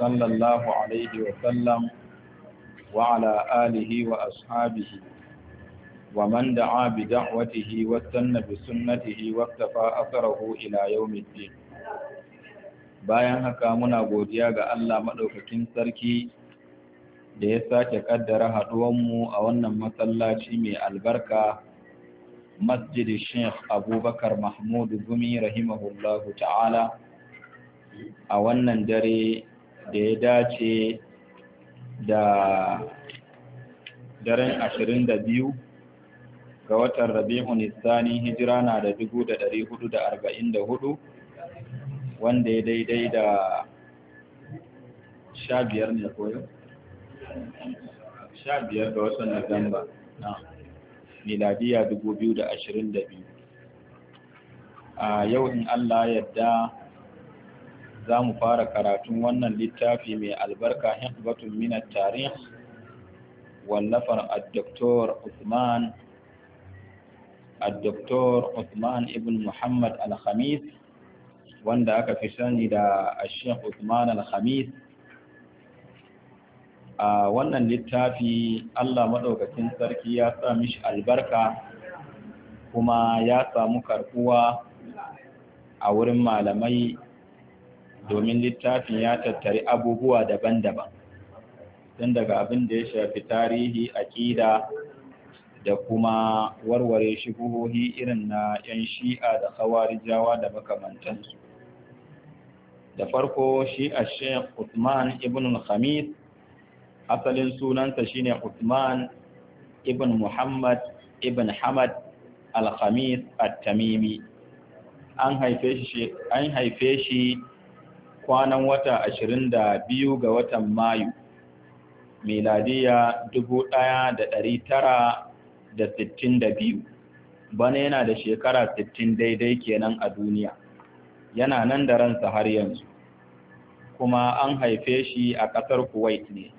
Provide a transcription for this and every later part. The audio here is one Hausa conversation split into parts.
صلى الله عليه وسلم وعلى آله وأصحابه ومن دعا بدعوته واتن بسنته واكتفى أثره إلى يوم الدين bayan haka muna godiya ga Allah maɗaukakin sarki da ya sake ƙaddara haɗuwanmu a wannan masallaci mai albarka masjidi sheikh abubakar mahmud gumi rahimahullahu ta'ala a wannan dare da ya dace da daren ashirin da biyu ga watan rabi'un isani hijira na da dubu da dari hudu da arba'in da hudu wanda ya daidai da sha biyar ne koyo sha biyar ga watan Nuwamba na miladiya dubu biyu da ashirin da biyu a yau in Allah yadda za mu fara karatun wannan littafi mai albarka hikbatun minar tarih wallafar addoktor Uthman addoktor Uthman ibn Muhammad al-Khamis wanda aka fi sani da Sheikh Uthman al-Khamis a wannan littafi Allah maɗaukacin sarki ya sa mishi albarka kuma ya samu karkuwa a wurin malamai domin littafin ya tattari abubuwa daban-daban tun daga abin da ya shafi tarihi aƙida da kuma warware shubuhohi irin na 'yan shi'a da khawarijawa da makamantansu da farko shi a sheikh Uthman ibn khamis asalin sunansa shine Uthman ibn Muhammad ibn Hamad al-Khamis at-Tamimi an haife shi kwanan wata ashirin da biyu ga watan Mayu, miladiya dubu ɗaya da ɗari tara da sittin da biyu, bana yana da shekara sittin daidai kenan a duniya, yana nan da ransa har yanzu, kuma an haife shi a ƙasar Kuwait ne,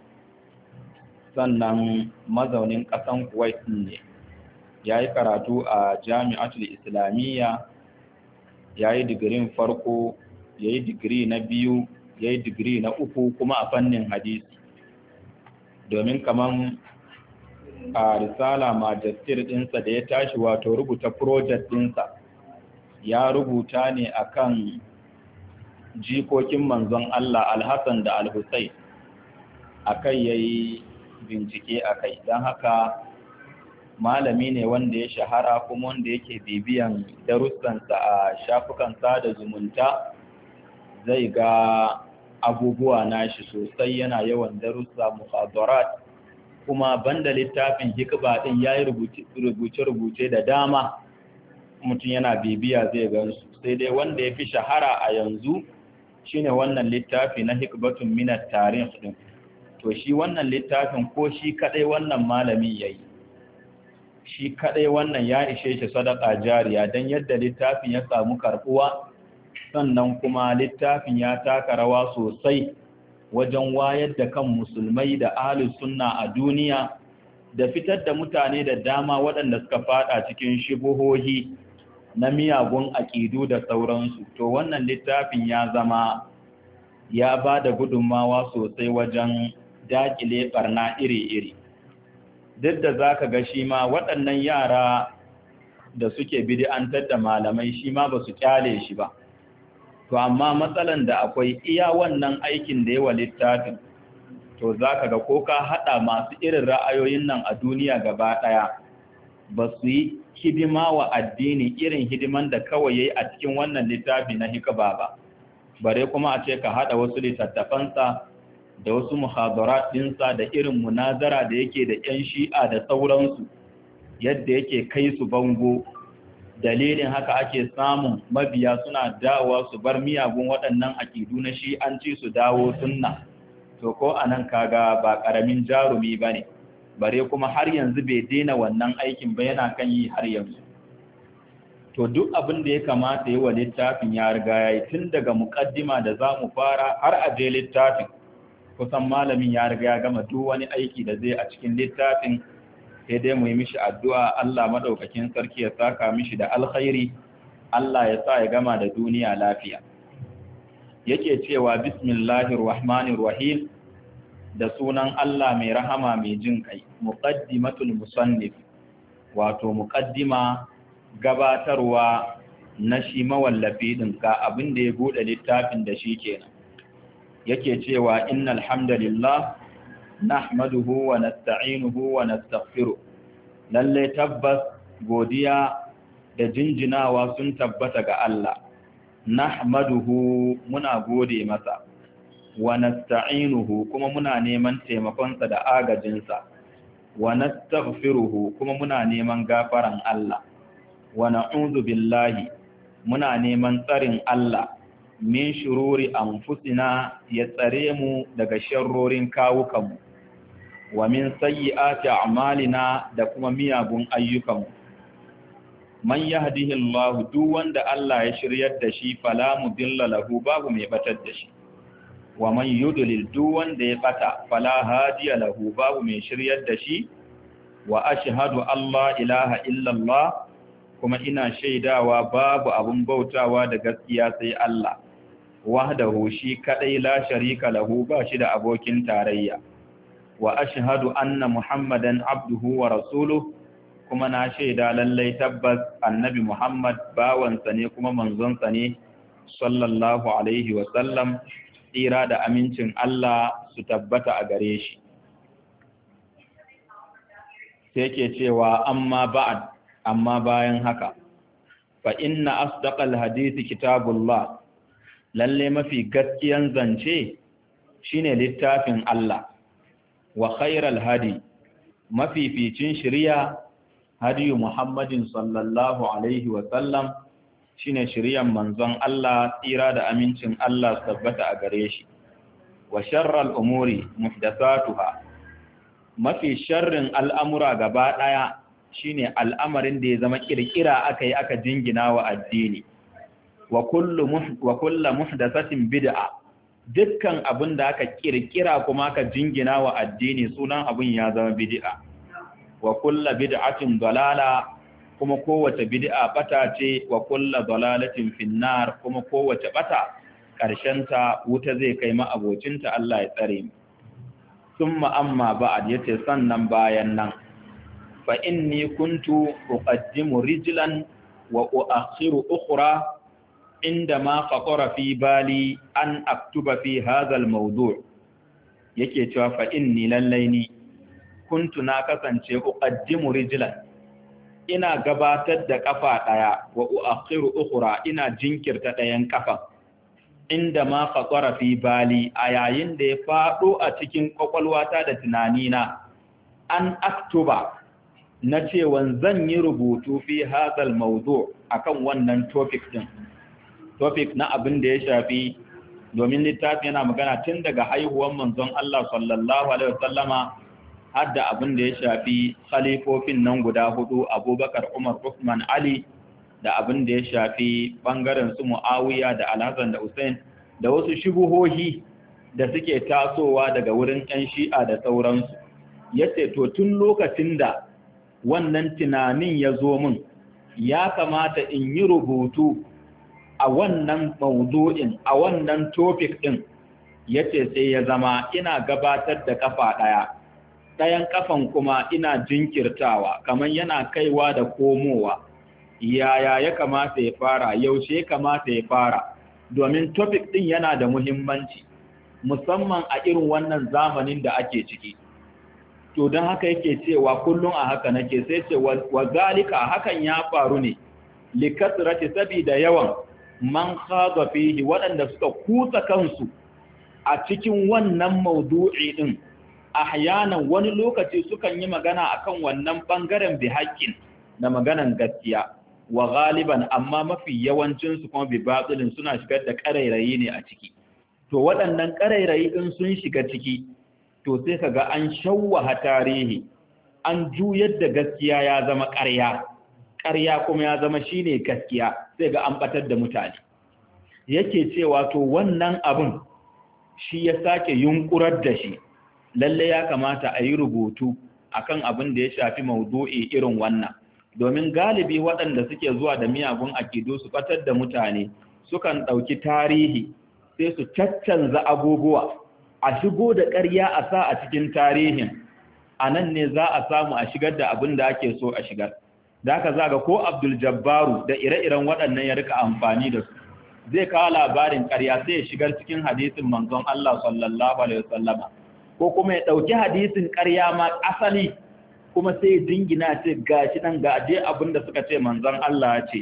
sannan mazaunin ƙasar Kuwait ne, ya yi karatu a Jami'atul Islamiyya, ya yi digirin farko Yayi yi digiri na biyu yayi yi digiri na uku kuma a fannin hadisi domin kaman a risala majestir ɗinsa da ya tashi wato rubuta project ɗinsa ya rubuta ne akan jikokin manzon Allah alhassan da alhussein a kai ya yi bincike a kai don haka malami ne wanda ya shahara kuma wanda yake bibiyan darussansa a shafukan sada zumunta zai ga abubuwa nashi sosai yana yawan darussa muhadarat kuma banda littafin hikba din yayi rubuce-rubuce da dama mutum yana bibiya zai gansu sai dai wanda ya fi shahara a yanzu shine wannan littafi na hikbatun minat tarih din to shi wannan littafin ko shi kadai wannan malami yayi shi kadai wannan ya ishe shi sadaka jariya dan yadda littafin ya samu karbuwa sannan kuma littafin ya taka rawa sosai wajen wayar da kan musulmai da ahlus sunna a duniya da fitar da mutane da dama waɗanda suka fada cikin shibuhohi na miyagun aƙidu da sauransu to wannan littafin ya zama ya ba da gudummawa sosai wajen dakile barna iri-iri duk da za ka ga shi ma waɗannan yara da suke bidi'antar da malamai shi ma ba su kyale shi ba to amma matsalan da akwai iya wannan aikin da yawa littafin to za ka ga ko ka haɗa masu irin ra'ayoyin nan a duniya gaba ɗaya ba su yi hidima wa addini irin hidiman da kawai ya yi a cikin wannan littafi na hikaba ba bare kuma a ce ka haɗa wasu littattafansa da wasu muhazara ɗinsa da irin munazara da yake da 'yan shi'a da sauransu yadda yake kai su bango dalilin haka ake samun mabiya suna dawowa su bar miyagun waɗannan aƙidu na shi an ci su dawo sunna to ko nan kaga ba ƙaramin jarumi ba ne bare kuma har yanzu bai daina wannan aikin ba yana kan yi har yanzu to duk abin da ya kamata yi wa littafin ya riga ya yi tun daga mukaddima da za mu fara har a je littafin kusan malamin ya riga ya gama duk wani aiki da zai a cikin littafin sai dai mu yi mishi addu'a Allah maɗaukakin sarki ya saka mishi da alkhairi Allah ya sa ya gama da duniya lafiya yake cewa bismillahir rahmanir rahim da sunan Allah mai rahama mai jin kai muqaddimatul musannif wato muqaddima gabatarwa na shi mawallafi din ka abin da ya buɗe littafin da shi kenan yake cewa innal hamdalillah نحمده ونستعينه ونستغفره للي tabbas, godiya da jinjinawa sun tabbata ga Allah nahmaduhu muna gode masa wa nasta'inuhu kuma muna neman taimakonsa da agajinsa wa nastaghfiruhu kuma muna neman gafaran Allah wa na'udhu billahi muna neman tsarin Allah min shururi anfusina ya tsare mu daga sharrorin kawukanmu wa min sayyi'ati a'malina da kuma miyagun ayyukanmu man yahdihillahu duk wanda Allah ya shiryar da shi fala mudilla lahu babu mai batar da shi wa man yudlil duk wanda ya bata fala hadiya lahu babu mai shiryar da shi wa ashhadu Allah ilaha illallah kuma ina shaidawa babu abun bautawa da gaskiya sai Allah wahdahu shi kadai la sharika lahu ba shi da abokin tarayya wa ashhadu anna muhammadan abduhu wa rasuluhu kuma na shaida lallai tabbas annabi muhammad bawansa ne kuma manzonsa ne sallallahu alaihi wa sallam tsira da amincin Allah su tabbata a gare shi sai ke cewa amma ba'ad amma bayan haka fa inna asdaqal hadisi kitabullah lalle mafi gaskiyan zance shine littafin Allah wa khairal hadi mafificin shirya hadiyu Muhammadin sallallahu alaihi shine shiryan manzon Allah tsira da amincin Allah tabbata a gare shi wa sharral umuri muhdathatuha mafi sharrin al'amura gaba daya shine al'amarin da ya zama kirkira aka yi aka jingina wa addini wa kullu muhdathatin bid'a dukkan abin da aka kirkira kuma aka jingina wa addini sunan abin ya zama bid'a wa kulla bid'atin dalala kuma kowace bid'a bata ce wa kulla dalalatin finnar kuma kowace bata ta wuta zai kai ma abocinta Allah ya tsare mu summa amma ba'ad yace sannan bayan nan fa inni kuntu uqaddimu rijlan wa uakhiru ukhra Inda ma خطر fi bali an aktuba fi هذا الموضوع yake cewa fa inni lallai ni kuntu na kasance uqaddimu rijlan ina gabatar da ƙafa ɗaya wa u'akiru ukhra ina jinkirta ɗayan kafa inda ma khatara fi bali a yayin da ya faɗo a cikin ƙwaƙwalwata da tunanina an aktuba na cewa zan yi rubutu fi hadal mawdu akan wannan topic din topic na abin da ya shafi domin littafi yana magana tun daga haihuwar manzon Allah sallallahu alaihi wasallama har da abin da ya shafi khalifofin nan guda hudu Abubakar Umar Uthman Ali da abin da ya shafi bangaren su Muawiya da Al-Hasan da Hussein da wasu shubuhohi da suke tasowa daga wurin ƴan Shi'a da sauransu yace to tun lokacin da wannan tunanin ya zo min ya kamata in yi rubutu a wannan maudu'in a wannan topic ya ce sai ya zama ina gabatar da kafa ɗaya. ɗayan kafan kuma ina jinkirtawa kamar yana kaiwa da komowa yaya ya kamata ya fara yaushe ya kamata ya fara domin topic ɗin yana da muhimmanci musamman a irin wannan zamanin da ake ciki to don haka yake cewa kullum a haka nake sai ce wa zalika hakan ya faru ne likasrati sabida yawan man khada fihi waɗanda suka kutsa kansu a cikin wannan maudu'i din ahyanan wani lokaci sukan yi magana akan wannan bangaren bi na na maganan gaskiya wa galiban amma mafi yawancin su kuma bi batilin suna shigar da ƙarairayi ne a ciki to waɗannan ƙarairayi din sun shiga ciki to sai kaga an shawwaha tarihi an juyar da gaskiya ya zama ƙarya ƙarya kuma ya zama shi ne gaskiya sai ga an batar da mutane yake cewa to wannan abin shi ya sake yunkurar da shi lalle ya kamata a yi rubutu akan abin da ya shafi maudu'i irin wannan domin galibi waɗanda suke zuwa da miyagun akidu su batar da mutane sukan ɗauki tarihi sai su caccanza abubuwa a shigo da ƙarya a sa a cikin tarihin a nan ne za a samu a shigar da abin da ake so a shigar da aka zaga ko Abdul Jabbaru da ire-iren waɗannan ya rika amfani da su zai kawo labarin ƙarya sai ya shigar cikin hadisin manzon Allah sallallahu alaihi wasallama ko kuma ya ɗauki hadisin ƙarya ma asali kuma sai dingina ce ga shi nan ga je abin da suka ce manzon Allah ya ce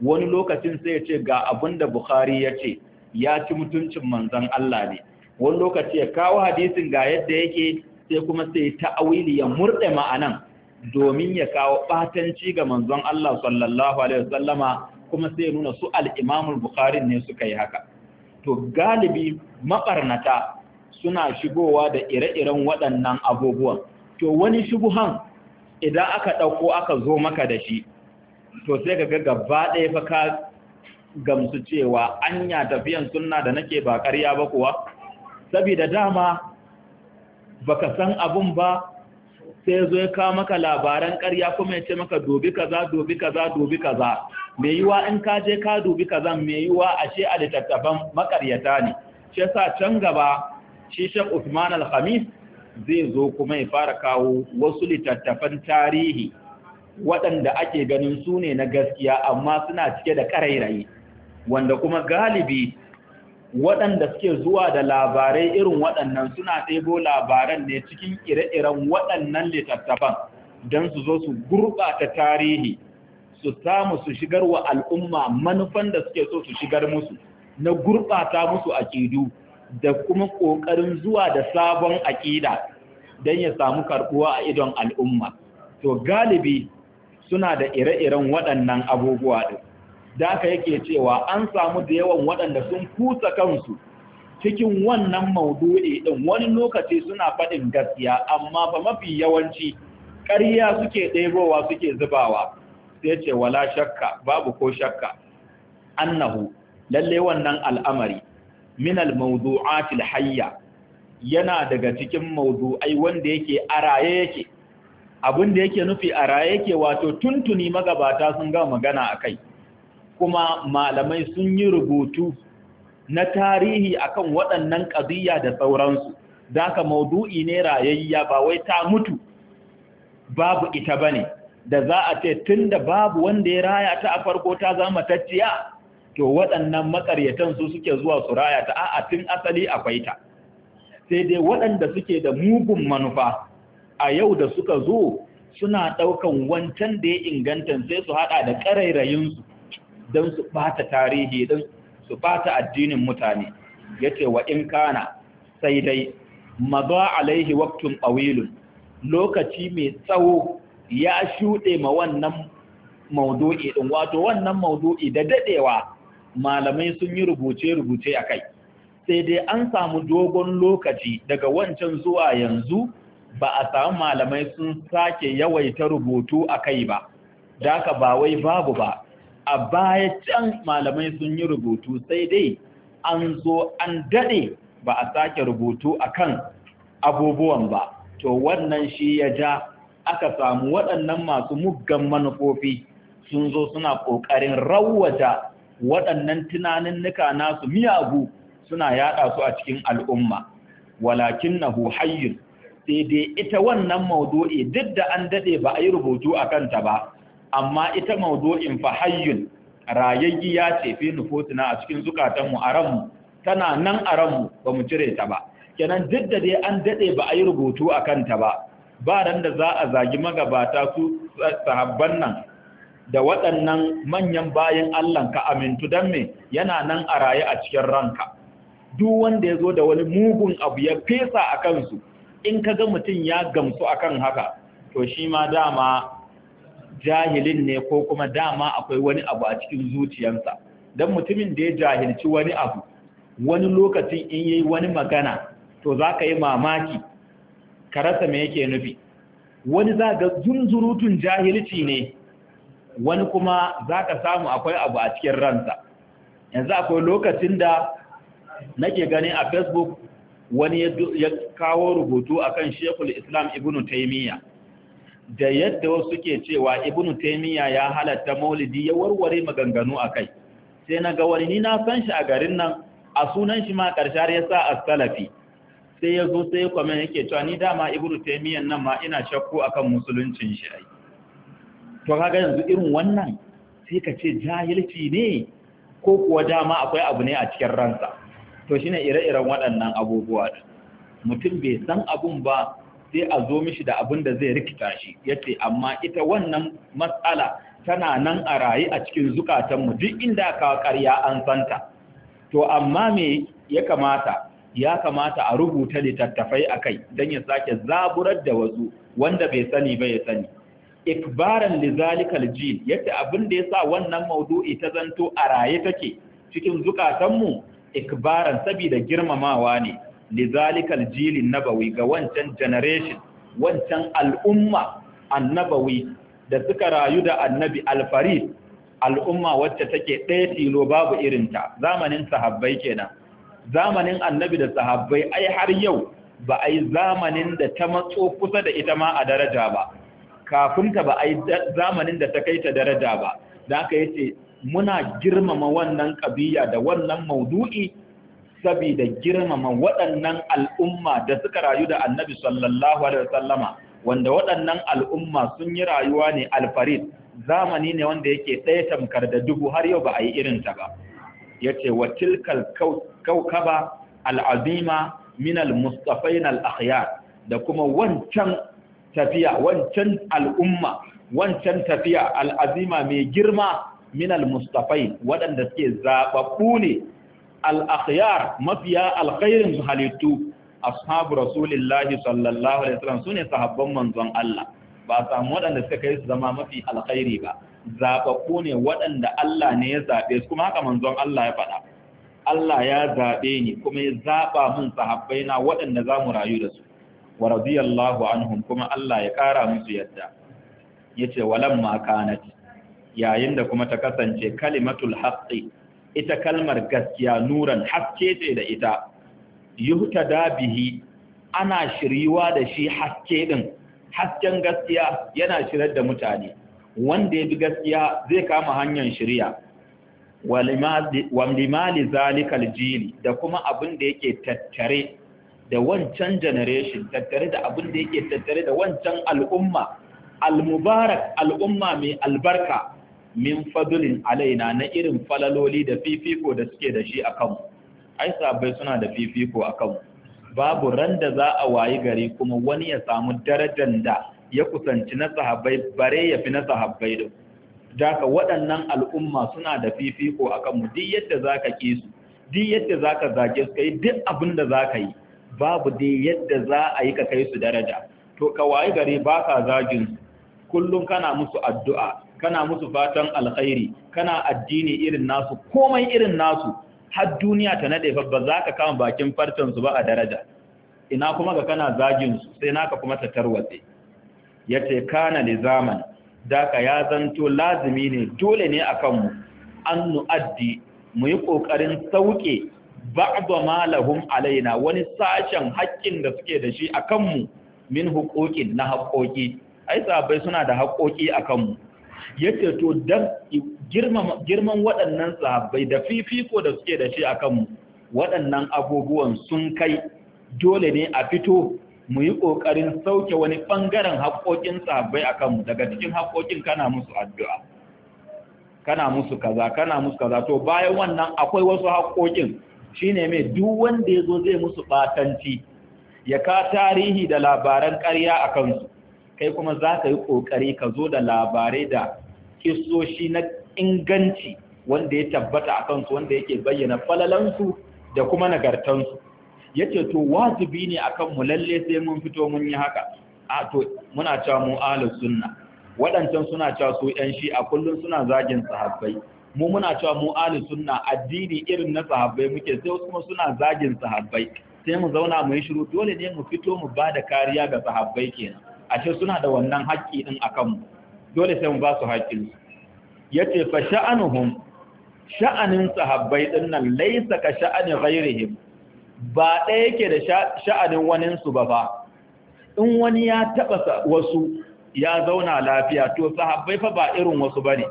wani lokacin sai ya ce ga abin da Bukhari ya ce ya ci mutuncin manzon Allah ne wani lokaci ya kawo hadisin ga yadda yake sai kuma sai ta'awili ya murɗe ma'anan domin ya kawo batanci ga manzon Allah sallallahu alaihi wasallama kuma sai nuna su al-Imam Bukhari ne suka yi haka to galibi maɓarnata suna shigowa da ire-iren waɗannan abubuwan to wani shubuhan idan aka ɗauko aka zo maka da shi to sai ka ga gaba ɗaya fa ka gamsu cewa anya tafiyan sunna da nake ba ƙarya ba kuwa saboda dama baka san abun ba sai ya zo ya kawo maka labaran ƙarya kuma ya ce maka dubi kaza dobi kaza dobi kaza mai yiwa in ka je ka dobi kaza mai yiwa ashe a littattafan makaryata ne shi yasa can gaba shi shek Usman al zai zo kuma ya fara kawo wasu littattafan tarihi waɗanda ake ganin su ne na gaskiya amma suna cike da ƙarairayi wanda kuma galibi waɗanda suke zuwa da labarai irin waɗannan suna ɗebo labaran ne cikin ire-iren waɗannan littattafan don su zo su gurɓata tarihi su samu su shigar wa al'umma manufan da suke so su shigar musu na gurɓata musu aƙidu da kuma ƙoƙarin zuwa da sabon aƙida don ya samu karɓuwa a idon al'umma to galibi suna da ire-iren waɗannan abubuwa ɗin da aka yake cewa an samu da yawan waɗanda sun kusa kansu cikin wannan maudu'i ɗin wani lokaci suna faɗin gaskiya amma ba mafi yawanci ƙarya suke ɗebowa suke zubawa sai ce wala shakka babu ko shakka annahu lalle wannan al'amari min al-mawdu'atil hayya yana daga cikin ai wanda yake araye yake abin yake nufi araye yake wato tuntuni magabata sun ga magana akai kuma malamai sun yi rubutu na tarihi akan waɗannan ƙaziyya da sauransu da ka maudu'i ne rayayya ba wai ta mutu babu ita ba ne da za a ce tun da babu wanda ya raya ta a farko ta zama tacciya to waɗannan makaryatan su suke zuwa su raya ta a tun asali akwai ta sai dai waɗanda suke da mugun manufa a yau da suka zo suna ɗaukan wancan da ya inganta sai su haɗa da ƙarairayinsu don su bata tarihi don su bata addinin mutane yace wa in kana sai dai maza alaihi waqtun awilun lokaci mai tsawo ya shuɗe ma wannan maudu'i din wato wannan maudu'i da daɗewa malamai sun yi rubuce-rubuce a kai sai dai an samu dogon lokaci daga wancan zuwa yanzu ba a samu malamai sun sake yawaita rubutu a kai ba daka ba wai babu ba a baya can malamai sun yi rubutu sai dai an zo an daɗe ba a sake rubutu akan abubuwan ba to wannan shi ya ja aka samu waɗannan masu muggan manufofi sun zo suna ƙoƙarin rawata waɗannan tunanin nuka nasu miyagu suna yaɗa su a cikin al'umma walakin na hayyun sai dai ita wannan maudu'i duk da an daɗe ba a yi rubutu a kanta ba amma ita mawdu'in fa hayyun rayayyiya ce fi nufusina a cikin zukatanmu a ranmu tana nan a ranmu ba mu cire ta ba kenan duk da dai an dade ba a yi rubutu a kanta ba ba ran da za a zagi magabata su sahabban nan da waɗannan manyan bayan Allah ka amintu dan me yana nan a raye a cikin ranka duk wanda ya zo da wani mugun abu ya fesa a kansu in ka ga mutum ya gamsu akan haka to shi ma dama jahilin ne ko kuma dama akwai wani abu a cikin zuciyarsa don mutumin da ya jahilci wani abu wani lokacin in yi wani magana to za ka yi mamaki ka rasa me yake nufi wani za ga zunzurutun jahilci ne wani kuma za ka samu akwai abu a cikin ransa yanzu akwai lokacin da nake gani a facebook wani ya kawo rubutu akan shekul islam ibnu taimiyya da yadda wasu ke cewa ibnu taimiyya ya halatta maulidi ya warware maganganu a kai, sai na ga wani ni na san shi a garin nan a sunan shi ma karshar ya sa as-salafi sai ya zo sai kwamen yake cewa ni dama ibnu taymiyan nan ma ina shakku akan musuluncin shi ai to kaga yanzu irin wannan sai ka ce jahilci ne ko kuwa dama akwai abu ne a cikin ransa to shine ire-iren waɗannan abubuwa mutum bai san abun ba sai a zo mishi da abin da zai rikita shi yace amma ita wannan matsala tana nan a raye a cikin zukatanmu duk inda ka karya an santa to amma me ya kamata ya kamata a rubuta littattafai a kai don ya sake zaburar da wasu wanda bai sani ba ya sani. Ikbaran lizalikal jin yadda abin da ya sa wannan maudu'i ta zanto a raye take cikin zukatanmu ikbaran sabida girmamawa ne lizalikal jilin nabawi ga wancan generation wancan al'umma annabawi da suka rayu da annabi alfarid al'umma wacce take ɗaya tilo babu irinta zamanin sahabbai kenan zamanin annabi da sahabbai ai har yau ba a yi zamanin da ta matso kusa da ita ma a daraja ba kafinta ba a yi zamanin da ta kai ta daraja ba da aka yace ce muna girmama wannan ƙabiya da wannan maudu'i saboda girmama waɗannan al'umma da suka rayu da annabi sallallahu alaihi wasallama wanda waɗannan al'umma sun yi rayuwa ne alfarid zamani ne wanda yake ɗaya tamkar da dubu har yau ba a yi irinta ba ya ce wa tilkal kaukaba al'azima Minal mustafain akhyar da kuma wancan tafiya wancan al'umma wancan tafiya al'azima mai girma Minal al-mustafain waɗanda suke zaɓaɓɓu ne Al'akyar mafiya alkhairin halittu ashabu rasulillahi sallallahu alaihi wasallam sune sahabban manzon Allah ba samu waɗanda suka kai su zama mafi alkhairi ba Zaɓaɓɓu ne waɗanda Allah ne ya zaɓe su kuma haka manzon Allah ya faɗa Allah ya zaɓe ni kuma ya zaba mun sahabbaina waɗanda za mu rayu da su wa radiyallahu anhum kuma Allah ya kara musu yadda yace walamma kanat yayin da kuma ta kasance kalimatul haqqi ita kalmar gaskiya nuran haske ce da ita da bihi ana shiriwa da shi haske din hasken gaskiya yana shirar da mutane wanda ya bi gaskiya zai kama hanyar shirya walimali zalikal jili da kuma abin da yake tattare da wancan generation tattare da abin da yake tattare da wancan al'umma al-mubarak al'umma mai albarka min fadlin alaina na irin falaloli da fifiko da suke da shi a kanmu ai sabai suna da fifiko a kanmu babu ran da za a wayi gari kuma wani ya samu darajar da ya kusanci na sahabbai bare ya fi na sahabbai da daga waɗannan al'umma suna da fifiko a kanmu duk yadda za ka ƙi su duk yadda za ka zage su kai duk abin da za ka yi babu dai yadda za a yi ka kai su daraja to ka wayi gari ba ka zagin kullum kana musu addu'a kana musu fatan alkhairi kana addini irin nasu komai irin nasu har duniya ta nade ba za ka kama bakin farcen su ba a daraja ina kuma ga kana zagin su sai naka kuma ta tarwatse yace kana ne zaman Da ka ya zanto lazimi ne dole ne akan mu an nu'addi mu yi kokarin sauke ba'da ma alaina wani sashen haƙƙin da suke da shi akan mu min huquqin na haƙoƙi ai sabai suna da haƙoƙi akan mu yace to dan girman waɗannan sahabbai da fifiko da suke da shi a kanmu waɗannan abubuwan sun kai dole ne a fito mu yi ƙoƙarin sauke wani ɓangaren haƙoƙin sahabbai a kanmu daga cikin haƙoƙin kana musu addu'a kana musu kaza kana musu kaza to bayan wannan akwai wasu haƙoƙin ne mai duk wanda ya zo zai musu ɓatanci ya ka tarihi da labaran ƙarya a kansu kai kuma za ka yi ƙoƙari ka zo da labarai da kisoshi na inganci wanda ya tabbata a kansu wanda yake bayyana falalansu da kuma nagartansu ya ce to wajibi ne a kanmu lalle sai mun fito mun yi haka a to muna cewa mu ahlus sunna waɗancan suna cewa su ƴan shi'a kullum suna zagin sahabbai mu muna cewa mu ahlus sunna addini irin na sahabbai muke sai kuma suna zagin sahabbai sai mu zauna mu yi shiru dole ne mu fito mu bada kariya ga sahabbai kenan ashe suna da wannan haƙƙi ɗin a kanmu, dole sai mu ba su haƙƙin ya yace fa sha'anuhum sha'anin sahabbai ɗin nan laisa ka sha'ani ghairihim ba ɗaya yake da sha'anin waninsu ba fa in wani ya taɓa wasu ya zauna lafiya to sahabbai fa ba irin wasu ba ne?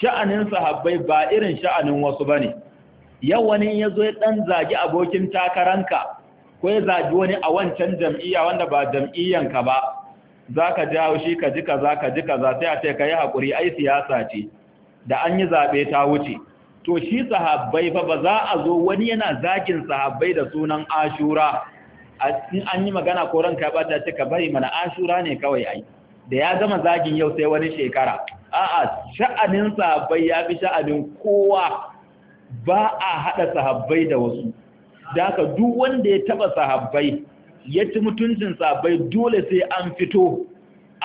sha'anin sahabbai ba irin sha'anin wasu ba ne. yau wani ya zo ya ɗan zagi abokin takaranka ko ya zagi wani a wancan jam'iyya wanda ba jam'iyyanka ba za ka ja shi ka ji ka za ka ji za. sai a ce ka yi haƙuri ai siyasa ce da an yi zaɓe ta wuce to shi sahabbai fa ba za a zo wani yana zakin sahabbai da sunan ashura in an yi magana ko ranka bata ce ka bari mana ashura ne kawai ai da ya zama zagin yau sai wani shekara a'a sha'anin sahabbai ya fi sha'anin kowa ba a haɗa sahabbai da wasu da duk wanda ya taɓa sahabbai ya ci mutuncin sabai dole sai an fito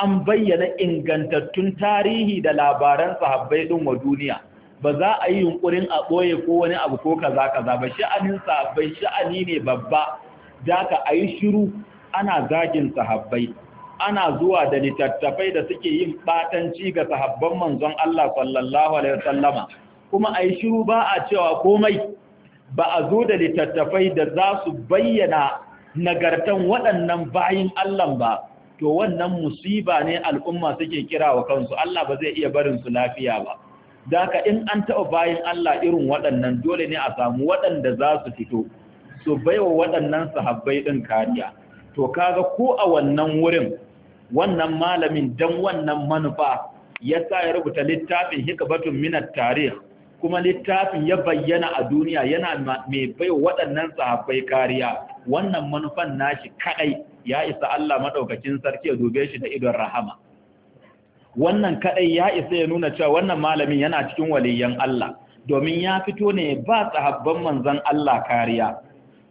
an bayyana ingantattun tarihi da labaran sahabbai din wa duniya ba za a yi yunkurin a ɓoye ko wani abu ko kaza kaza ba sha'anin sahabbai sha'ani ne babba da ka a yi shiru ana zagin sahabbai ana zuwa da littattafai da suke yin batanci ga sahabban manzon Allah sallallahu alaihi wasallama kuma a yi shiru ba a cewa komai ba a zo da littattafai da za su bayyana nagartan waɗannan bayin Allah ba to wannan musiba ne al'umma suke kira wa kansu Allah ba zai iya barin su lafiya ba daka in an taɓa bayin Allah irin waɗannan dole ne a samu waɗanda za su fito su baiwa waɗannan sahabbai ɗin kariya to kaga ko a wannan wurin wannan malamin don wannan manufa ya sa ya rubuta littafin batun minat tarih kuma littafin ya bayyana a duniya yana mai baiwa waɗannan sahabbai kariya wannan manufan nashi kadai ya isa Allah madaukakin sarki ya dube shi da idon rahama wannan kadai ya isa ya nuna cewa wannan malamin yana cikin waliyan Allah domin ya fito ne ba sahabban manzon Allah kariya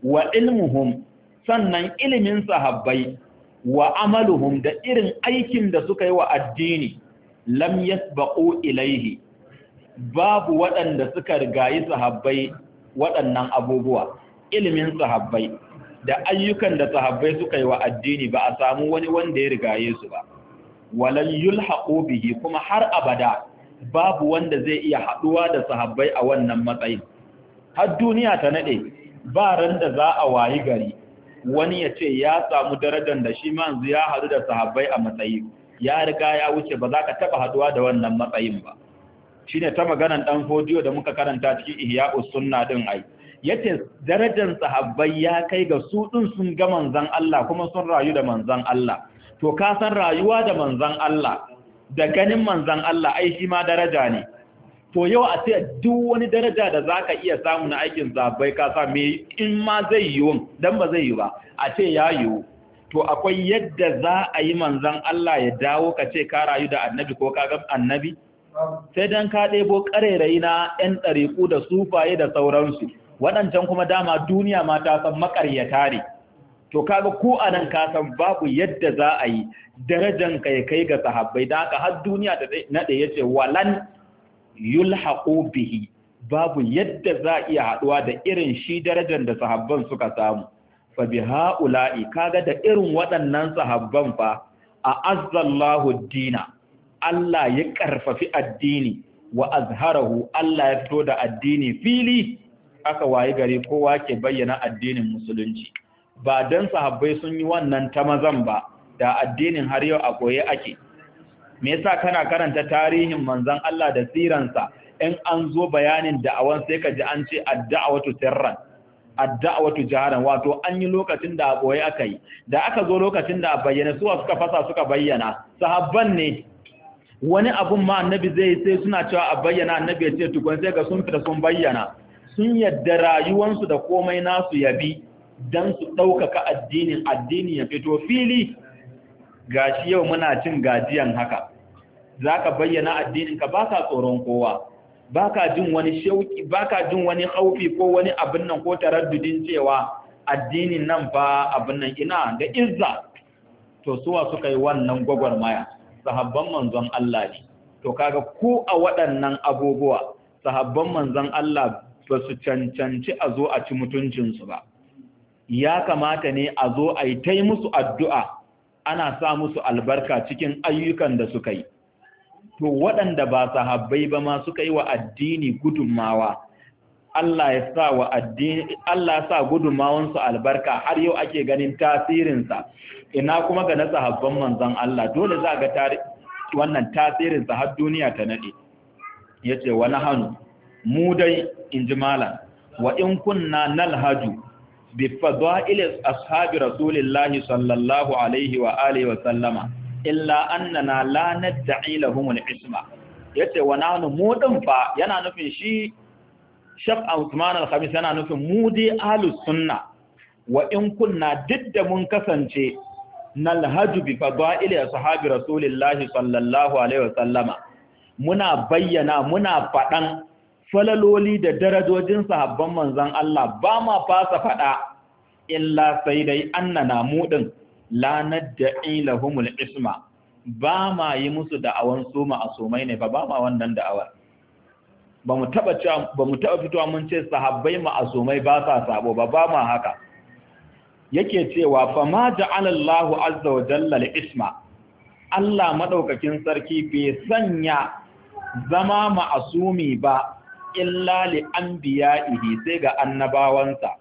wa ilmuhum sannan ilimin sahabbai wa amaluhum da irin aikin da suka yi wa addini lam yasbaqu ilaihi babu waɗanda suka rigayi sahabbai waɗannan abubuwa ilimin sahabbai da ayyukan da sahabbai suka yi wa addini ba a samu wani wanda ya rigaye su ba walan yulhaqu bihi kuma har abada babu wanda zai iya haduwa da sahabbai a wannan matsayin har duniya ta nade ba ran da za a wayi gari wani ya ce ya samu darajar da shi manzu ya hadu da sahabbai a matsayi ya riga ya wuce ba za ka taba haduwa da wannan matsayin ba shine ta maganan dan fodiyo da muka karanta cikin ihya'us sunna din ai yace darajar sahabbai ya kai ga su din sun ga manzon Allah kuma sun rayu da manzon Allah to ka san rayuwa da manzon Allah da ganin manzon Allah ai shi ma daraja ne to yau a ce duk wani daraja da zaka iya samu na aikin sahabbai ka sa me in ma zai yiwu dan ba zai yi ba a ce ya yiwu to akwai yadda za a yi manzon Allah ya dawo ka ce ka rayu da annabi ko ka ga annabi sai dan ka ɗebo ƙarerayi na 'yan ɗariƙu da sufaye da sauransu waɗancan kuma dama duniya ma ta san makaryata ne to kaga ko anan ka san babu yadda za a yi darajan kai kai ga sahabbai da haka har duniya ta nade yace walan yulhaqu bihi babu yadda za a iya haɗuwa da irin shi darajan da sahabban suka samu fa bi haula'i kaga da irin waɗannan sahabban fa a azzallahu dina Allah ya karfafi addini wa azharahu Allah ya fito da addini fili aka wayi gari kowa ke bayyana addinin musulunci ba don sahabbai sun yi wannan ta mazan ba da addinin har yau a koye ake me yasa kana karanta tarihin manzon Allah da siransa in an zo bayanin da'awan sai ka ji an ce ad sirran jaharan wato an yi lokacin da koye aka yi da aka zo lokacin da a bayyana suwa suka fasa suka bayyana sahabban ne wani abun ma annabi zai sai suna cewa a bayyana annabi ya ce tukun sai ga sun fita sun bayyana sun yadda rayuwansu da komai nasu ya bi don su ɗaukaka addinin addini ya fito fili gashi yau muna cin gajiyan haka za ka bayyana addininka ba ka tsoron kowa ba ka jin wani shauki ba ka jin wani haufi ko wani abin nan ko taraddudin cewa addinin nan fa abin nan ina da izza to suwa suka yi wannan gwagwarmaya sahabban manzon Allah ne to kaga ko a waɗannan abubuwa sahabban manzon Allah ba su cancanci a zo a ci mutuncinsu ba ya kamata ne a zo a yi ta musu addu'a ana sa musu albarka cikin ayyukan da suka yi to waɗanda ba su Habbai ba ma suka yi wa addini gudunmawa Allah ya sa gudunmawansu albarka har yau ake ganin tasirinsa ina kuma ga na sahabban manzon Allah dole za ga wannan tasirinsa har duniya ta Ya ce wani hannu mu dai in ji malam wa in kunna nalhaju bi fadail ashabi rasulillahi sallallahu alaihi wa alihi wa sallama illa annana la nad'i lahum al-isma yace wa nanu mu din fa yana nufin shi Shaf Usman al-Khamis yana nufin mu dai ahlus sunna wa in kunna didda mun kasance nalhaju bi fadail ashabi rasulillahi sallallahu alaihi wa sallama muna bayyana muna fadan falaloli da darajojin sahabban manzan Allah ba ma fasa faɗa illa sai dai annana mu din la nad'i lahumul isma ba ma yi musu da'awan soma a somai ne ba ba ma wannan da'awar ba mu taba cewa ba fitowa mun ce sahabbai ma a somai ba sa sabo ba ba ma haka yake cewa fa ma ja'ala Allahu azza wa jalla isma Allah madaukakin sarki bai sanya zama ma'asumi ba an biya anbiya'ihi sai ga annabawansa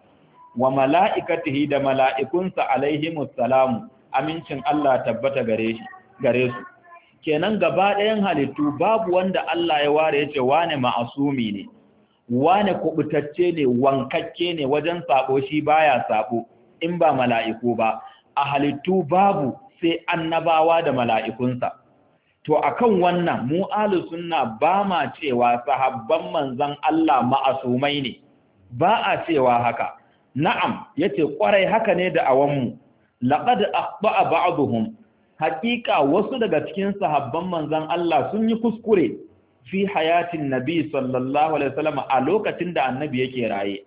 wa mala'ikatihi da mala'ikunsa alaihi salamu amincin Allah tabbata gare shi su kenan gaba ɗayan halittu babu wanda Allah ya ware ya ce wane ma'asumi ne wane kuɓutacce ne wankakke ne wajen saƙo shi baya saƙo, in ba mala'iku ba a halittu babu sai annabawa da mala'ikunsa to akan wannan mu ahlus sunna ba ma cewa sahabban manzon Allah ma'asumai ne ba a cewa haka na'am yace kwarai haka ne da awan mu laqad akhta'a ba'dhum haqiqa wasu daga cikin sahabban manzon Allah sun yi kuskure fi hayatin nabi sallallahu alaihi wasallam a lokacin da annabi yake raye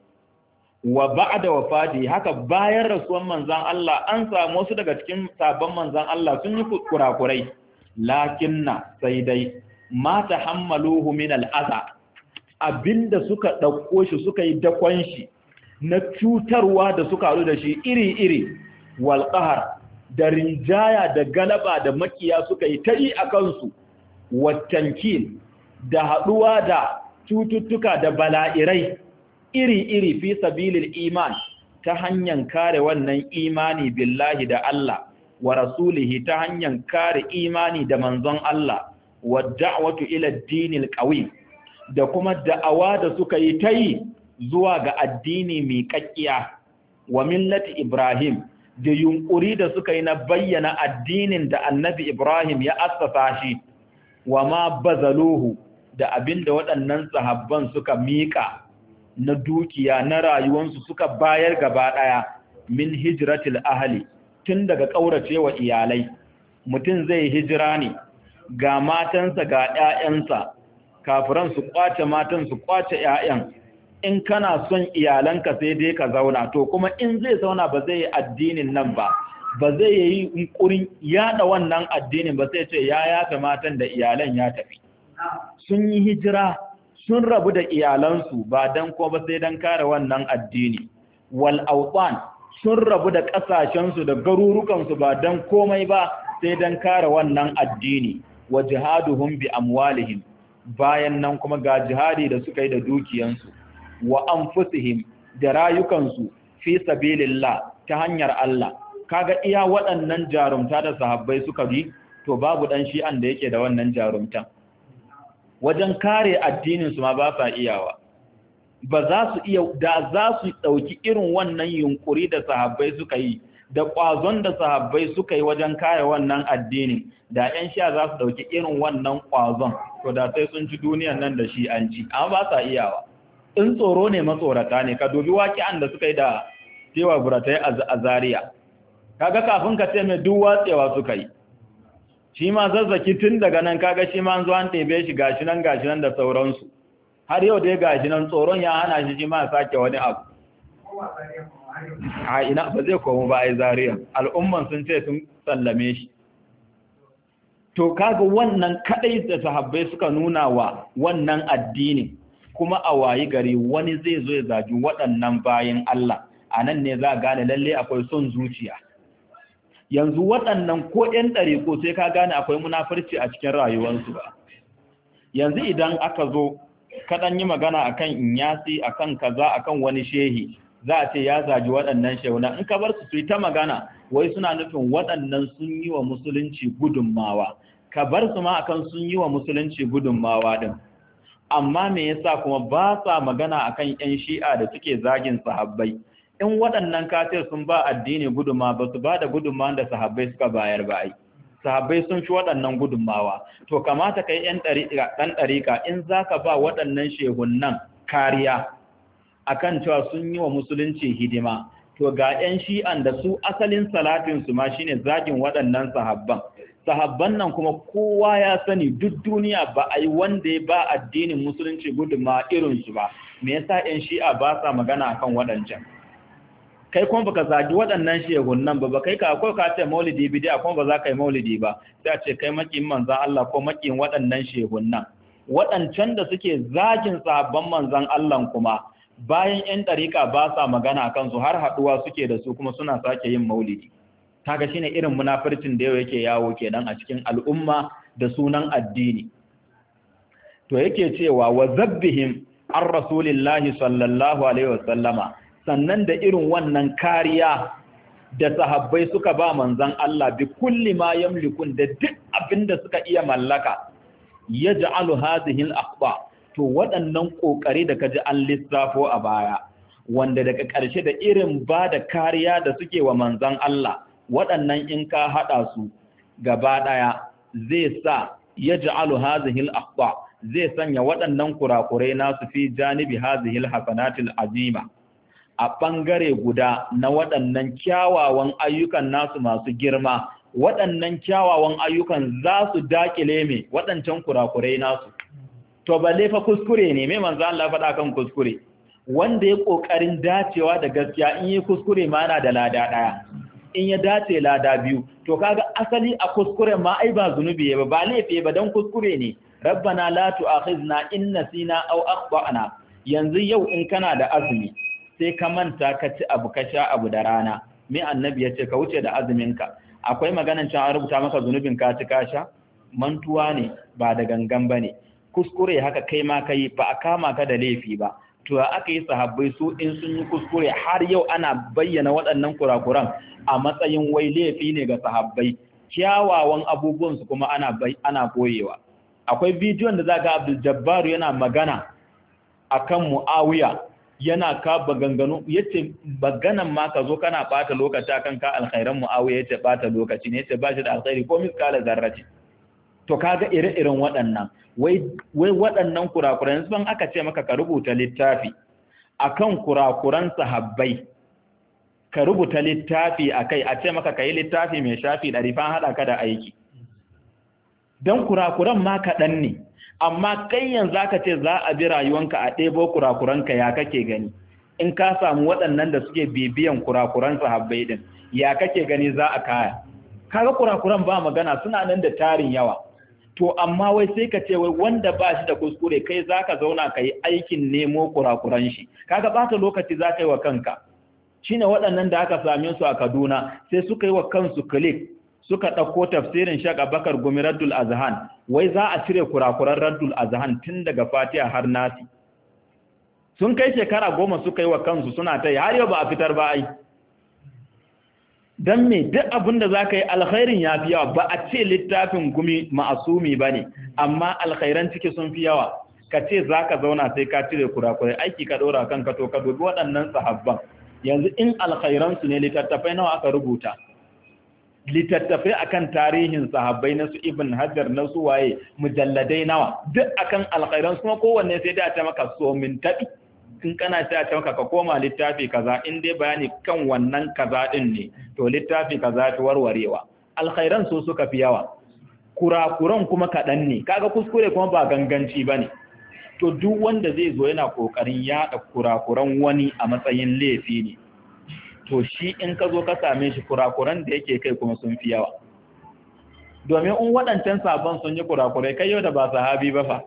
wa ba'da wafati haka bayan rasuwan manzon Allah an samu wasu daga cikin sahabban manzon Allah sun yi kurakurai lakinna sai dai ma tahammaluhu min al'aza abinda suka ɗauko shi suka yi dakon shi na cutarwa da suka haɗu da shi iri-iri Walƙahar, da rinjaya da galaba da makiya suka yi ta yi a kansu wattankil da haɗuwa da cututtuka da bala'irai iri-iri fi sabilil iman ta hanyar kare wannan imani billahi da Allah wa rasulihi ta hanyar kare imani da manzon Allah wa da'watu ila dinil qawi da kuma da'awa da suka yi ta zuwa ga addini mai kakkiya wa millati Ibrahim da yunkuri da suka yi na bayyana addinin da annabi Ibrahim ya assasa shi wa ma bazaluhu da abinda waɗannan sahabban suka miƙa na dukiya na rayuwansu suka bayar gaba ɗaya min hijratil ahli tun daga ƙaurace wa iyalai mutum zai hijira ne ga matansa ga ‘ya'yansa kafiran su kwace matan su kwace ‘ya'yan in kana son iyalanka sai dai ka zauna to kuma in zai zauna ba zai yi addinin nan ba ba zai yi yunkurin yada wannan addinin ba sai ce ya yafe matan da iyalan ya tafi sun yi hijira sun rabu da iyalansu ba don ko sai don kare wannan addini wal sun rabu da ƙasashensu da garurukansu ba don komai ba sai don kare wannan addini wa jihaduhun bi amwalihim bayan nan kuma ga jihadi da suka yi da dukiyansu wa anfusihim da rayukansu fi sabilillah ta hanyar Allah kaga iya waɗannan jarumta da sahabbai suka bi to babu dan shi'an da yake da wannan jarumta wajen kare addinin su ma ba sa iyawa ba za su iya da za su ɗauki irin wannan yunkuri da sahabbai suka yi da ƙwazon da sahabbai suka yi wajen kare wannan addini da 'yan sha za su ɗauki irin wannan ƙwazon to da sai sun ci duniyar nan da shi an ci amma ba sa iyawa in tsoro ne matsorata ne ka dubi waƙi'an da suka yi da cewa buratai a zaria kaga kafin ka ce mai duk watsewa suka yi shi ma zazzaki tun daga nan kaga shi ma an zo an ɗebe shi gashi nan gashi nan da sauransu har yau dai-dai ga shi nan tsoron ya hana shi shi ma sake wani abu a ina ba zai komo ba ai zariya al'umman sun ce sun sallame shi to kaga wannan kadai da sahabbai suka nuna wa wannan addini kuma a wayi gari wani zai zo ya zaji waɗannan bayan Allah a nan ne za gane lalle akwai son zuciya yanzu waɗannan ko ɗan ko sai ka gane akwai munafurci a cikin rayuwarsu ba yanzu idan aka zo kaɗan yi magana akan inyasi akan kaza akan wani shehi za a ce ya zaji waɗannan shehuna in ka bar su su ta magana wai suna nufin waɗannan sun yi wa musulunci gudunmawa ka bar su ma akan sun yi wa musulunci gudunmawa din amma me yasa kuma ba sa magana akan yan shi'a da suke zagin sahabbai in waɗannan kafir sun ba addini guduma ba su ba da da sahabbai suka bayar ba ai sahabbai sun fi waɗannan gudunmawa to kamata yi yan ɗariƙa ɗan ɗarika, in zaka ba waɗannan shehunan kariya A kan cewa sun yi wa musulunci hidima to ga yan shi'an da su asalin salafinsu ma shine zagin waɗannan sahabban sahabban nan kuma kowa ya sani duk duniya ba a yi wanda ya ba addinin musulunci gudunmawa irinsu ba me yasa yan shi'a ba sa magana akan waɗancan kai kuma baka zagi waɗannan shehunan ba ba kai ka akwai ka ce maulidi bid'a akwai ba za ka yi maulidi ba sai a ce kai makin manzan Allah ko makin waɗannan shehunan waɗancan da suke zagin sabon manzan Allah kuma bayan yan ɗariƙa ba sa magana a kansu, har haɗuwa suke da su kuma suna sake yin maulidi kaga shine irin munafircin da yau yake yawo kenan a cikin al'umma da sunan addini to yake cewa wa zabbihim ar rasulillahi sallallahu alaihi sallama sannan da irin wannan kariya da sahabbai suka ba manzan Allah bi kulli ma yamlikun da duk abinda suka iya mallaka ya ja'alu hadhihi al to waɗannan kokari da ka ji an lissafo a baya wanda daga ƙarshe da irin ba da kariya da suke wa manzan Allah waɗannan in ka haɗa su gaba ɗaya zai sa ya ja'alu hadhihi al zai sanya waɗannan kurakurai nasu fi janibi hadhihi al-hasanatil azima a ɓangare guda na waɗannan kyawawan ayyukan nasu masu girma waɗannan kyawawan ayyukan za su daƙile me waɗancan kurakurai nasu to ba fa kuskure ne me manzo Allah faɗa kan kuskure wanda ya kokarin dacewa da gaskiya in yi kuskure ma yana da lada ɗaya in ya dace lada biyu to kaga asali a kuskure ma ai ba zunubi ba ba laifi ba dan kuskure ne rabbana la tu'akhizna in nasina aw akhtana yanzu yau in kana da azumi sai ka manta ka ci abu ka sha abu da rana me annabi ya ce ka wuce da azuminka akwai maganan can an rubuta maka zunubin ka ci ka sha mantuwa ne ba da gangan ba ne kuskure haka kai ma ka yi, ba a kama ka da laifi ba to aka yi sahabbai su in sun yi kuskure har yau ana bayyana waɗannan kurakuran a matsayin wai laifi ne ga sahabbai kyawawan abubuwan su kuma ana ana koyewa akwai bidiyon da zaka Abdul Jabbar yana magana akan Muawiya yana ka baganganu yace baganan ma ka zo kana bata lokaci akan ka alkhairan muawiya yace bata lokaci ne yace ba shi da alkhairi ko kala zarrati to kaga ire-iren waɗannan wai wai waɗannan kurakuran ban aka ce maka ka rubuta littafi akan kurakuran sahabbai ka rubuta littafi akai a ce maka kai littafi mai shafi ɗari fa haɗa ka da aiki dan kurakuran ma kaɗan ne amma kai yanzu zaka ce za a bi rayuwanka a ɗebo kurakuranka ya kake gani in ka samu waɗannan da suke bibiyan kurakuran sahabbai din ya kake gani za a kaya kaga kurakuran ba magana suna nan da tarin yawa to amma wai sai ka ce wai wanda ba shi da kuskure kai zaka zauna ka yi aikin nemo kurakuran shi kaga bata lokaci za ka yi wa kanka shine waɗannan da aka same su a Kaduna sai suka yi wa kansu click suka ɗauko tafsirin Sheikh bakar Gumi Raddul Azhan wai za a cire kurakuran Raddul Azhan tun daga Fatiha har Nasi sun kai shekara goma suka yi wa kansu suna ta har yau ba a fitar ba ai dan me duk abin da ka yi alkhairin ya fi yawa ba a ce littafin gumi ma'asumi ba ne, amma alkhairan ciki sun fi yawa ka ce za ka zauna sai ka cire kurakurai aiki ka ɗora kan to ka dubi waɗannan sahabban yanzu in alkhairan ne littattafai nawa aka rubuta littattafai akan tarihin sahabbai na su ibn hajar na su waye mujalladai nawa duk akan alkhairan kuma kowanne sai da ta maka so min tabi in kana sai ta maka ka koma littafi kaza in dai bayani kan wannan kaza din ne to littafi kaza ta warwarewa alkhairan su suka fi yawa kurakuran kuma kaɗan ne kaga kuskure kuma ba ganganci ba ne. to duk wanda zai zo yana kokarin yaɗa kurakuran wani a matsayin laifi ne to shi in ka zo ka same shi kurakuran da yake kai kuma sun fi yawa domin in waɗancan sabon sun yi kurakurai kai yau da ba sahabi ba fa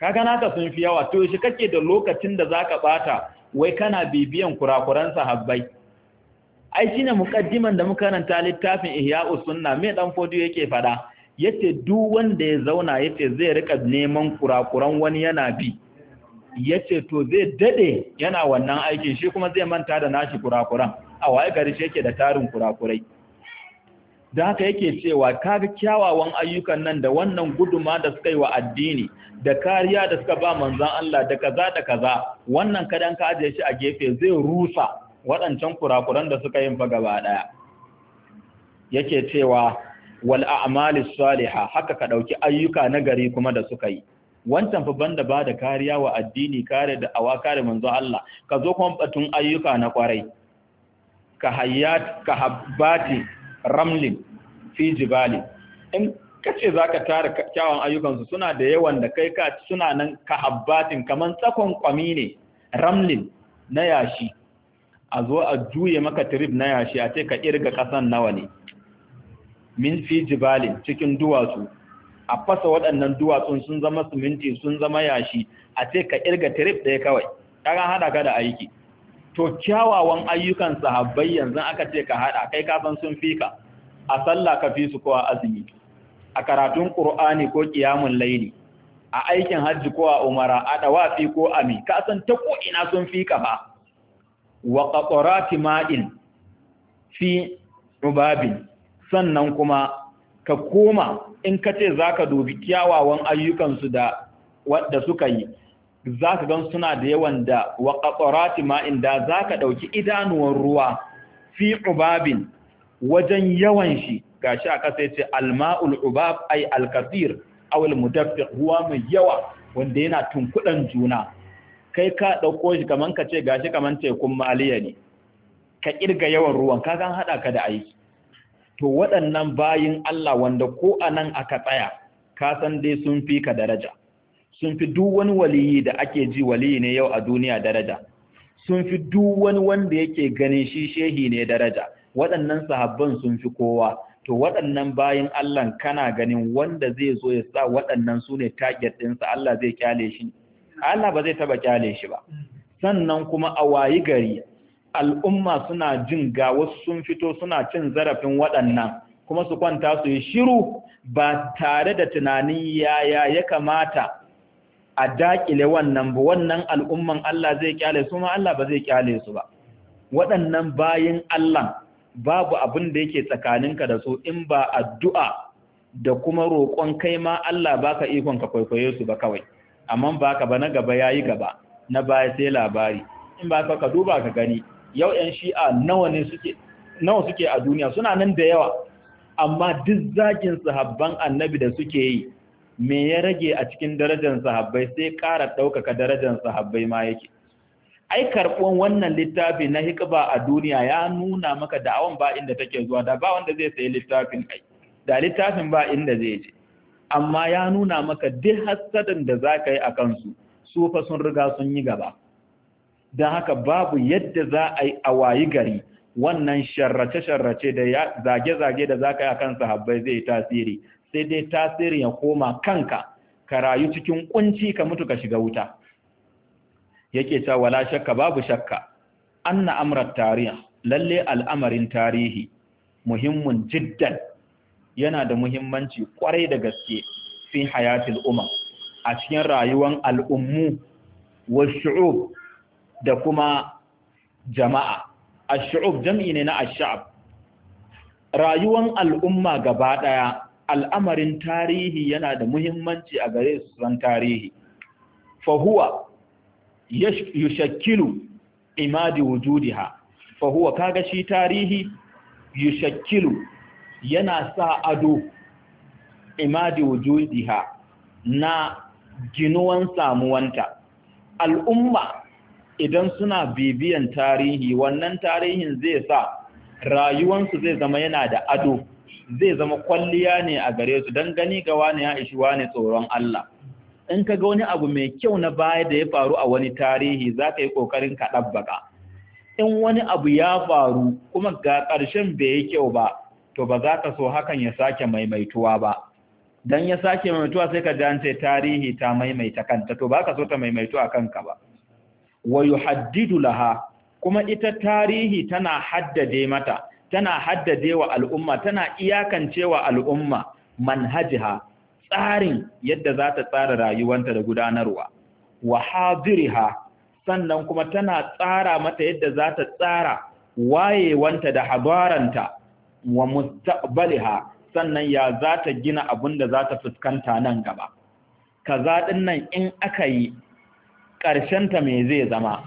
kaga naka sun fi yawa to shi kake da lokacin da za ka bata wai kana bibiyan kurakuran sahabbai ai shine muqaddiman da muka karanta littafin Ihya'us Sunna me dan fodi yake fada yace duk wanda ya zauna yace zai rika neman kurakuran wani yana bi yace to zai dade yana wannan aikin shi kuma zai manta da nashi kurakuran a waye gari shi yake da tarin kurakurai da haka yake cewa kaga kyawawan ayyukan nan da wannan guduma da suka yi wa addini da kariya da suka ba manzon Allah da kaza da kaza wannan kadan ka ajiye shi a gefe zai rusa waɗancan kurakuran da suka yin fa gaba daya yake cewa wal a'malis salihah haka ka dauki ayyuka na gari kuma da suka yi wancan fa banda ba da kariya wa addini kare da awa kare manzo Allah ka zo kuma batun ayyuka na kwarai ka hayyat ka habbati ramlin fi jibali in kace zaka tara kyawun ayyukan su suna da yawan da kai ka suna nan ka habbatin kaman tsakon kwami ne ramlin na yashi a zo a juye maka trip na yashi a ce ka kirga kasan nawa ne min fi jibali cikin duwatsu a fasa waɗannan duwatsun sun zama siminti sun zama yashi a ce ka irga trip ɗaya kawai Ɗaga hada ka da aiki to kyawawan ayyukan sahabbai yanzu aka ce ka hada kai ka sun fi ka a sallah ka fi su ko a azumi a karatun qur'ani ko ƙiyamun layli a aikin hajji ko a umara a dawafi ko ami ka san ta ko ina sun fi ka ba wa qatarati ma'in fi rubabin sannan kuma ka koma in ka ce za ka dubi kyawawan ayyukansu da wadda suka yi za ka gan suna da yawan da wa ƙaƙorati ma'in da za ka ɗauki idanuwar ruwa fi ubabin wajen yawan shi ga shi a ƙasa ce alma'ul ubab ai alkafir awul mudaffi ruwa mai yawa wanda yana tunkuɗan juna kai ka ɗauko shi kaman ka ce ga gashi kaman tekun maliya ne ka ƙirga yawan ruwan ka gan haɗa ka da aiki to waɗannan bayin Allah wanda ko a nan aka tsaya ka san dai sun fi ka daraja sun fi duk wani waliyi da ake ji waliyi ne yau a duniya daraja sun fi duk wani wanda yake ganin shi shehi ne daraja waɗannan sahabban sun fi kowa to waɗannan bayin Allah kana ganin wanda zai zo ya sa waɗannan su ne target ɗinsa Allah zai kyale shi Allah ba zai taɓa kyale shi ba sannan kuma a wayi gari al'umma suna jin ga wasu sun fito suna cin zarafin waɗannan kuma su kwanta su yi shiru ba tare da tunanin yaya ya kamata a daƙile wannan ba wannan al'umman Allah zai kyale su ma Allah ba zai kyale su ba waɗannan bayin Allah babu abin da yake tsakaninka da su in ba addu'a da kuma roƙon kai ma Allah baka ikon ka kwaikwaye su ba kawai amma ba ka ba na gaba yayi gaba na baya sai labari in ba ka duba ka gani yau ‘yan shi'a nawa suke a duniya suna nan da yawa amma duk zagin sahabban annabi da suke yi me ya rage a cikin darajar sahabbai sai ƙara ɗaukaka darajar sahabbai ma yake ai karɓon wannan littafi na hikba a duniya ya nuna maka da'awan ba inda take zuwa da ba wanda zai sayi littafin ai da littafin ba inda zai je amma ya nuna maka duk hasadin da za yi a kansu su fa sun riga sun yi gaba don haka babu yadda za a yi a wayi gari wannan sharrace-sharrace da zage-zage da za ka yi a kan sahabbai zai tasiri sai dai tasiri ya koma kanka ka rayu cikin kunci ka mutu ka shiga wuta yake ta wala shakka babu shakka anna amrat tarih lalle al'amarin tarihi muhimmin jiddan yana da muhimmanci kwarai da gaske fi hayatil umma a cikin rayuwar al'ummu wa shu'ub da kuma jama'a ash-shu'ub jam'i ne na ash-sha'b rayuwan al'umma gaba daya al'amarin tarihi yana da muhimmanci a gare su san tarihi fahuwa yushakkilu imadi wujudiha fahuwa kaga shi tarihi yushakkilu yana sa ado imadi wujudiha na ginuwan samuwanta al'umma idan suna bibiyan tarihi wannan tarihin zai sa rayuwansu zai zama yana da ado zai zama kwalliya ne a gare su don gani ga wani ya ishi wani tsoron Allah in ka ga wani abu mai kyau na baya da ya faru a wani tarihi za ka yi ƙoƙarin ka ɗabbaka in wani abu ya faru kuma ga ƙarshen bai yi kyau ba to ba za ka so hakan ya sake maimaituwa ba don ya sake maimaituwa sai ka jance tarihi ta maimaita kanta to ba ka so ta maimaituwa kanka ba wa yuhaddidu laha kuma ita tarihi tana haddade mata tana haddade wa al'umma tana iyakancewa al'umma manhajiha tsarin yadda za ta tsara rayuwanta da gudanarwa wa hadiriha sannan kuma tana tsara mata yadda za ta tsara wayewanta da habaranta wa mustaqbaliha sannan ya za ta gina abun da za ta fuskanta nan gaba kaza din nan in aka yi ta me zai zama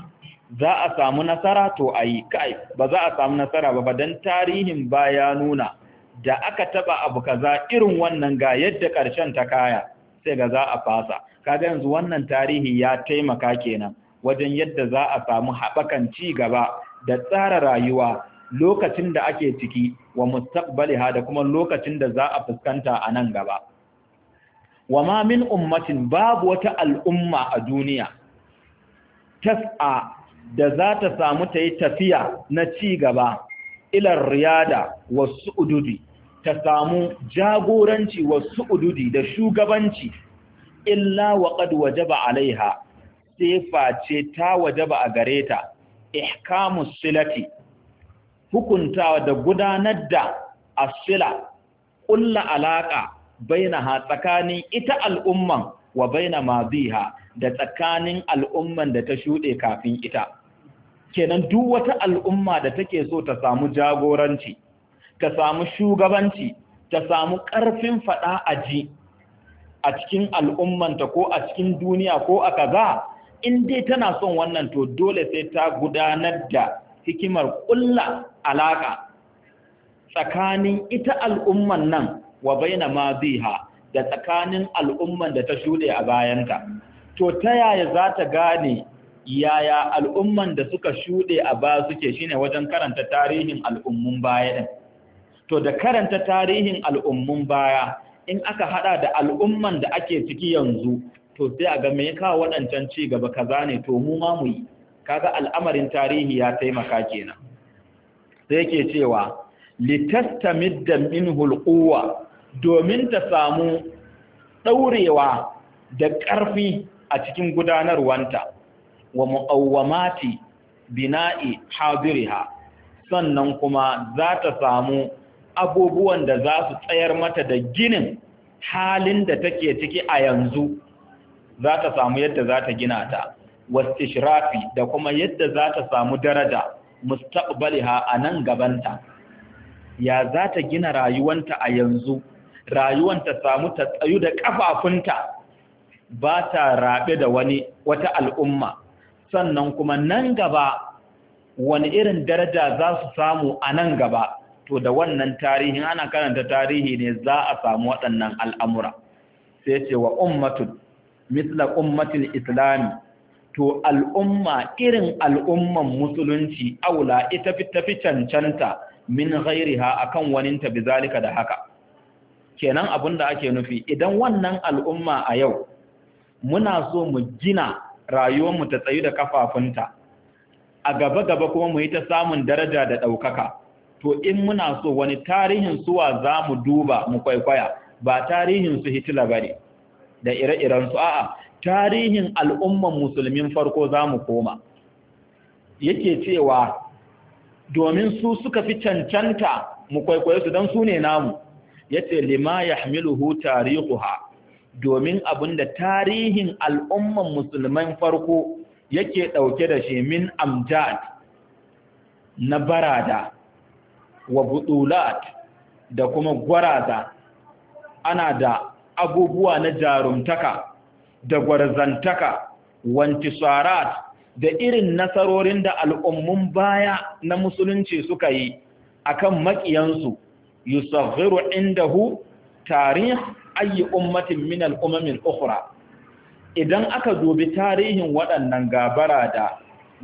za a samu nasara to a yi kai ba za a samu nasara ba don tarihin ba ya nuna da aka taba abu kaza irin wannan ga yadda ƙarshen ta kaya sai ga za a fasa kaga yanzu wannan tarihi ya taimaka kenan wajen yadda za a samu haɓakan ci gaba da tsara rayuwa lokacin da ake ciki wa ha da kuma lokacin da za a fuskanta a nan gaba wa ma min ummatin babu wata al'umma a duniya tas'a da za ta samu ta yi tafiya na ci gaba ilar riyada wasu ududi ta samu jagoranci wasu ududi da shugabanci illa waƙad wajaba alaiha sai ce ta wajaba a gare ta ihkamus silati hukuntawa da gudanar da asila ƙulla alaƙa bainaha tsakanin ita al'umman wa bainama maziha da tsakanin al'umman da ta shuɗe kafin ita kenan duk wata al'umma da take so ta samu jagoranci ta samu shugabanci ta samu ƙarfin faɗa a ji a cikin al'ummanta ko a cikin duniya ko a kaza in dai tana son wannan to dole sai ta gudanar da hikimar ƙulla alaƙa tsakanin ita al'umman nan wa baina ma da tsakanin al'umman da ta shuɗe a bayanta to ta yaya za ta gane yaya al'umman da suka shuɗe a ba suke shine wajen karanta tarihin al'ummun baya ɗin to da karanta tarihin al'ummun baya in aka haɗa da al'umman da ake ciki yanzu to sai a ga me kawo waɗancan ci gaba kaza ne to mu ma mu yi kaga al'amarin tarihi ya taimaka kenan sai yake cewa da minhu alquwa domin ta samu daurewa da ƙarfi a cikin gudanarwanta wa mu'awwamati bina'i hadiriha sannan kuma za ta samu abubuwan da za su tsayar mata da ginin halin da take ciki a yanzu za ta samu yadda za ta gina ta wastishrafi da kuma yadda za ta samu daraja mustaqbaliha a nan gabanta ya za ta gina rayuwanta a yanzu rayuwanta samu ta tsayu da ƙafafunta. ba ta raɓe da wani wata al'umma sannan kuma nan gaba wani irin daraja za su samu a nan gaba to da wannan tarihin ana karanta tarihi ne za a samu waɗannan al'amura sai ce wa ummatun misla ummatin islami to al'umma irin al'umman musulunci aula ita tafi cancanta min ghairiha akan waninta bizalika da haka kenan abin da ake nufi idan wannan al'umma a yau muna so mu gina rayuwarmu ta tsayu da kafafunta a gaba-gaba kuma mu yi ta samun daraja da ɗaukaka to in muna so wani tarihin suwa za mu duba mu kwaikwaya ba tarihin su hitila ba da ire-iren su a'a tarihin al'umman musulmin farko za mu koma yake cewa domin su suka fi cancanta mu kwaikwaye su don su ne namu yace lima yahmiluhu tarihuha domin abin da tarihin al'umman musulman farko yake ɗauke da shi amjad na barada wa budulat da kuma gwaraza ana da abubuwa na jarumtaka da gwarzantaka wantisarat da irin nasarorin da al'ummun baya na musulunci suka yi akan makiyansu yusaghiru indahu tarih ayi ummatin min al'ummamin ukhra idan aka dubi tarihin waɗannan gabara da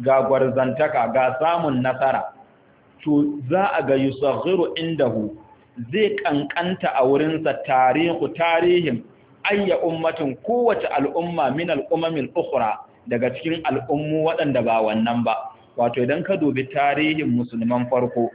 gagwarzantaka ga samun nasara to za a ga yusaghiru indahu zai kankanta a wurinsa tarihu tarihin ayya ummatin kowace al'umma min umamin ukhra daga cikin al'ummu waɗanda ba wannan ba wato idan ka dubi tarihin musulman farko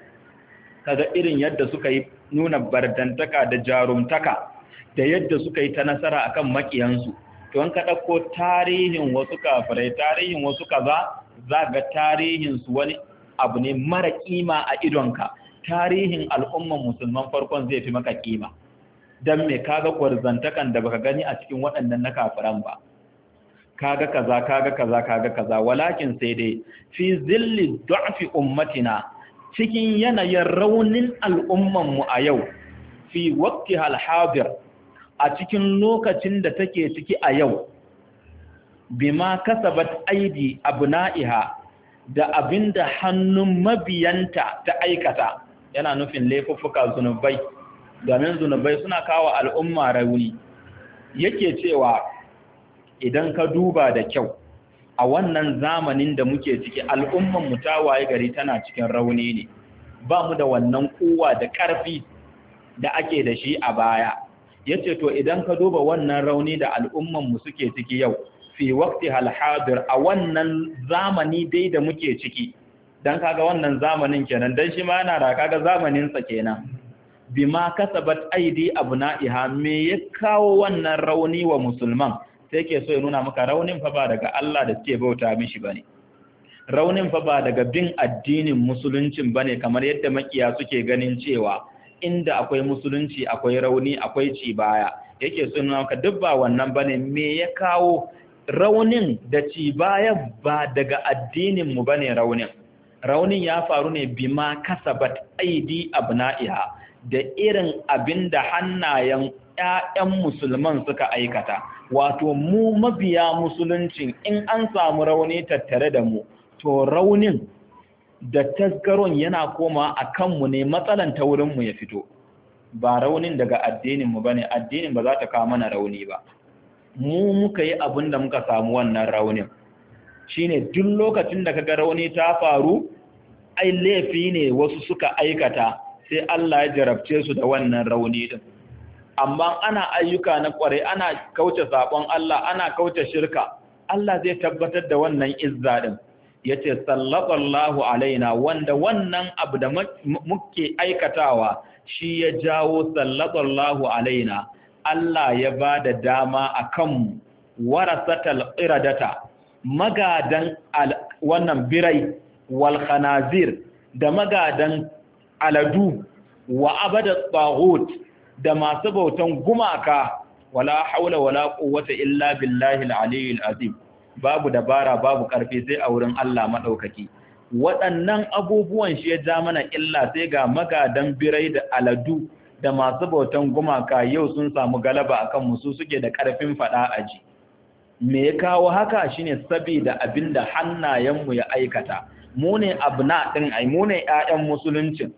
kaga irin yadda suka yi nuna bardantaka da jarumtaka da yadda suka yi ta nasara kan makiyansu to an ka ɗauko tarihin wasu kafirai tarihin wasu kaza za ga tarihinsu wani abu ne mara ƙima a idonka tarihin al'umman musulman farkon zai fi maka ƙima. Don me kaga kwarzantakan da baka gani a cikin waɗannan na kafiran ba kaga kaza kaga kaza kaga kaza walakin sai dai fi zilli du'afi ummatina cikin yanayin raunin al'ummanmu a yau fi waqti halhabir a cikin lokacin da take ciki a yau bima kasabat aidi abna'iha da abinda hannun mabiyanta ta aikata yana nufin laifuffuka zunubai domin zunubai suna kawo al'umma rauni yake cewa idan ka duba da kyau a wannan zamanin da muke ciki al'umman mu ta waye gari tana cikin rauni ne ba mu da wannan kowa da ƙarfi da ake da shi a baya yace to idan ka duba wannan rauni da al'umman mu suke ciki yau fi waqti hal hadir a wannan zamani dai da muke ciki dan kaga wannan zamanin kenan dan shi ma yana da kaga zamanin sa kenan bima kasabat aidi abna'iha me ya kawo wannan rauni wa musulman sai ke so ya nuna maka raunin fa ba daga Allah da suke bauta mishi bane raunin fa ba daga bin addinin musuluncin bane kamar yadda makiya suke ganin cewa inda akwai musulunci akwai rauni akwai ci baya yake suna ka duk wannan bane me ya kawo raunin da ci baya ba daga addinin mu bane raunin raunin ya faru ne bima kasabat aidi abna'iha da irin abinda hannayen ƴaƴan musulman suka aikata wato mu mabiya musuluncin in an samu rauni tattare da mu to raunin da tasgaron yana koma a kanmu ne matsalan ta wurinmu ya fito ba raunin daga addininmu ba ne addinin ba za ta kawo mana rauni ba mu muka yi abin da muka samu wannan raunin Shi ne duk lokacin da kaga rauni ta faru ai laifi ne wasu suka aikata sai Allah ya jarabce su da wannan rauni din amma ana ayyuka na kware ana kauce sabon Allah ana kauce shirka Allah zai tabbatar da wannan izza din ya ce alaina wanda wannan abu da muke aikatawa shi ya jawo sallatallahu alaina Allah ya ba da dama a kanmu warasatal iradata magadan wannan birai wal khanazir da magadan aladu wa abada tsaghut da masu bautan gumaka wala haula wala quwwata illa billahi al-aliyyil azim babu dabara babu ƙarfi sai a wurin Allah maɗaukaki waɗannan abubuwan shi ya ja mana illa sai ga magadan birai da aladu da masu bautan gumaka yau sun samu galaba akan musu suke da ƙarfin faɗa a ji. me ya kawo haka shine saboda abin da hannayenmu ya aikata mu ne abna ɗin ai mu ne 'ya'yan musuluncin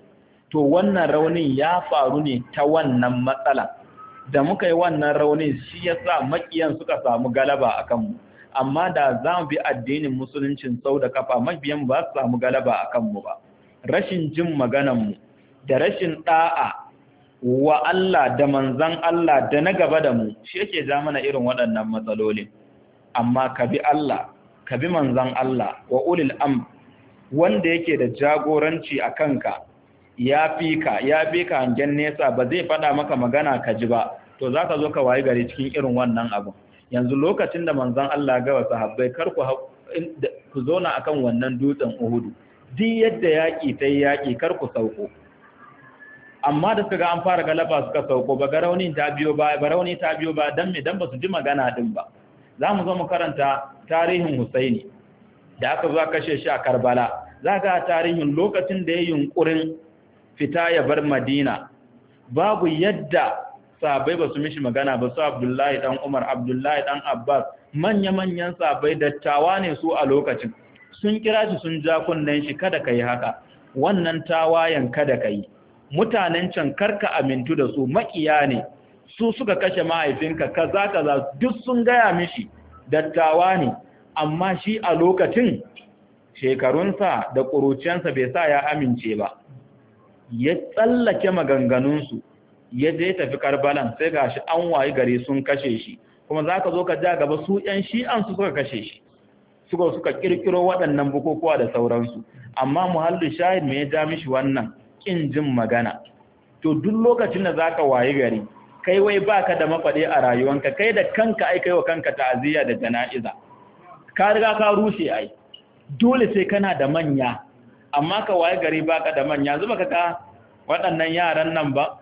to wannan raunin ya faru ne ta wannan matsala da muka yi wannan raunin shi ya sa makiyan suka samu galaba a kanmu amma da za mu bi addinin musuluncin sau da kafa mabiyan ba su samu galaba a kanmu ba rashin jin maganarmu da rashin ɗa'a wa Allah da manzan Allah da na gaba da mu shi yake ja mana irin waɗannan matsalolin amma ka bi Allah ka bi manzan Allah wa ulil am wanda yake da jagoranci a kanka ya fi ka ya bi ka hangen nesa ba zai faɗa maka magana ka ji ba to za ka zo ka wayi gari cikin irin wannan abin yanzu lokacin da manzon Allah ga sahabbai kar ku ku a akan wannan dutsen Uhud duk yadda yaki ta yaki yaƙi kar ku sauko amma da suka ga an fara galaba suka sauko ba garauni ta biyo ba barauni ta biyo ba dan me dan ba su ji magana din ba za mu zo mu karanta tarihin Husaini da aka zo kashe shi a Karbala za ga tarihin lokacin da ya yunkurin fita ya bar Madina babu yadda sahabbai ba su mishi magana ba su Abdullahi dan Umar Abdullahi dan Abbas manya-manyan sahabbai dattawa ne su a lokacin sun kira shi sun ja kunnen shi kada ka yi haka wannan tawayen kada ka yi. mutanen can karka amintu da su makiya ne su suka kashe mahaifinka kaza kaza duk sun gaya mishi dattawa ne amma shi a lokacin shekarunsa da ƙuruciyarsa bai sa ya amince ba ya tsallake maganganunsu ya je tafi karbalan sai ga shi an wayi gari sun kashe shi kuma za ka zo ka ja gaba su ‘yan shi'an su suka kashe shi suka suka kirkiro waɗannan bukukuwa da sauransu amma muhallin shahid me ya ja mishi wannan ƙin jin magana to duk lokacin da za ka wayi gari kai wai ba ka da mafaɗe a rayuwanka kai da kanka ai kai wa kanka ta'aziyya da jana'iza ka riga ka rushe ai dole sai kana da manya amma ka waye gari ka da manya zuba ka ga waɗannan yaran nan ba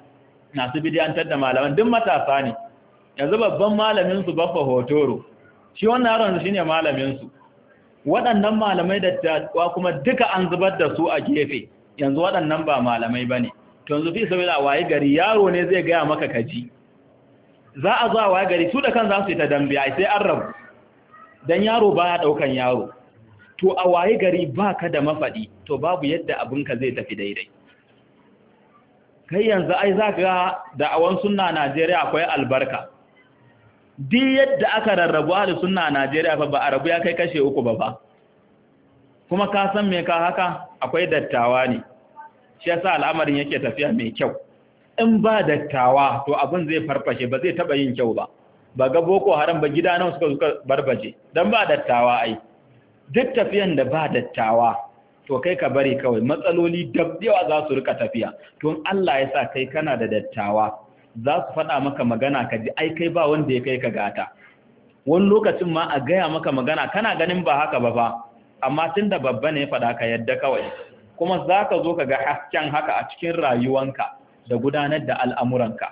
su bidiyantar da malaman duk matasa ne yanzu babban malaminsu baffa hotoro shi wannan yaron shi ne malaminsu waɗannan malamai da tawa kuma duka an zubar da su a gefe yanzu waɗannan ba malamai ba ne yanzu fi a waye gari yaro ne zai gaya maka kaji za a zuwa waye gari su da kan za su yi ta dambe ai sai an rabu don yaro ba ya ɗaukan yaro to a waye gari ba ka da mafaɗi to babu yadda abinka zai tafi daidai kai yanzu ai za ka ga da'awan sunna Najeriya akwai albarka duk yadda aka rarrabu ahli sunna Najeriya fa ba a rabu ya kai kashe uku ba ba kuma ka san me ka haka akwai dattawa ne shi yasa al'amarin yake tafiya mai kyau in ba dattawa to abin zai farfashe ba zai taba yin kyau ba ba ga boko haram ba gida nan suka suka barbaje dan ba dattawa ai duk tafiyan da ba dattawa to kai ka bari kawai matsaloli yawa za su rika tafiya to Allah ya sa kai kana da dattawa za su faɗa maka magana ka ji ai kai ba wanda ya kai ka gata wani lokacin ma a gaya maka magana kana ganin ba haka ba fa amma tun babba ne ya faɗa ka yadda kawai kuma za ka zo ka ga hasken haka a cikin rayuwanka da gudanar da al'amuranka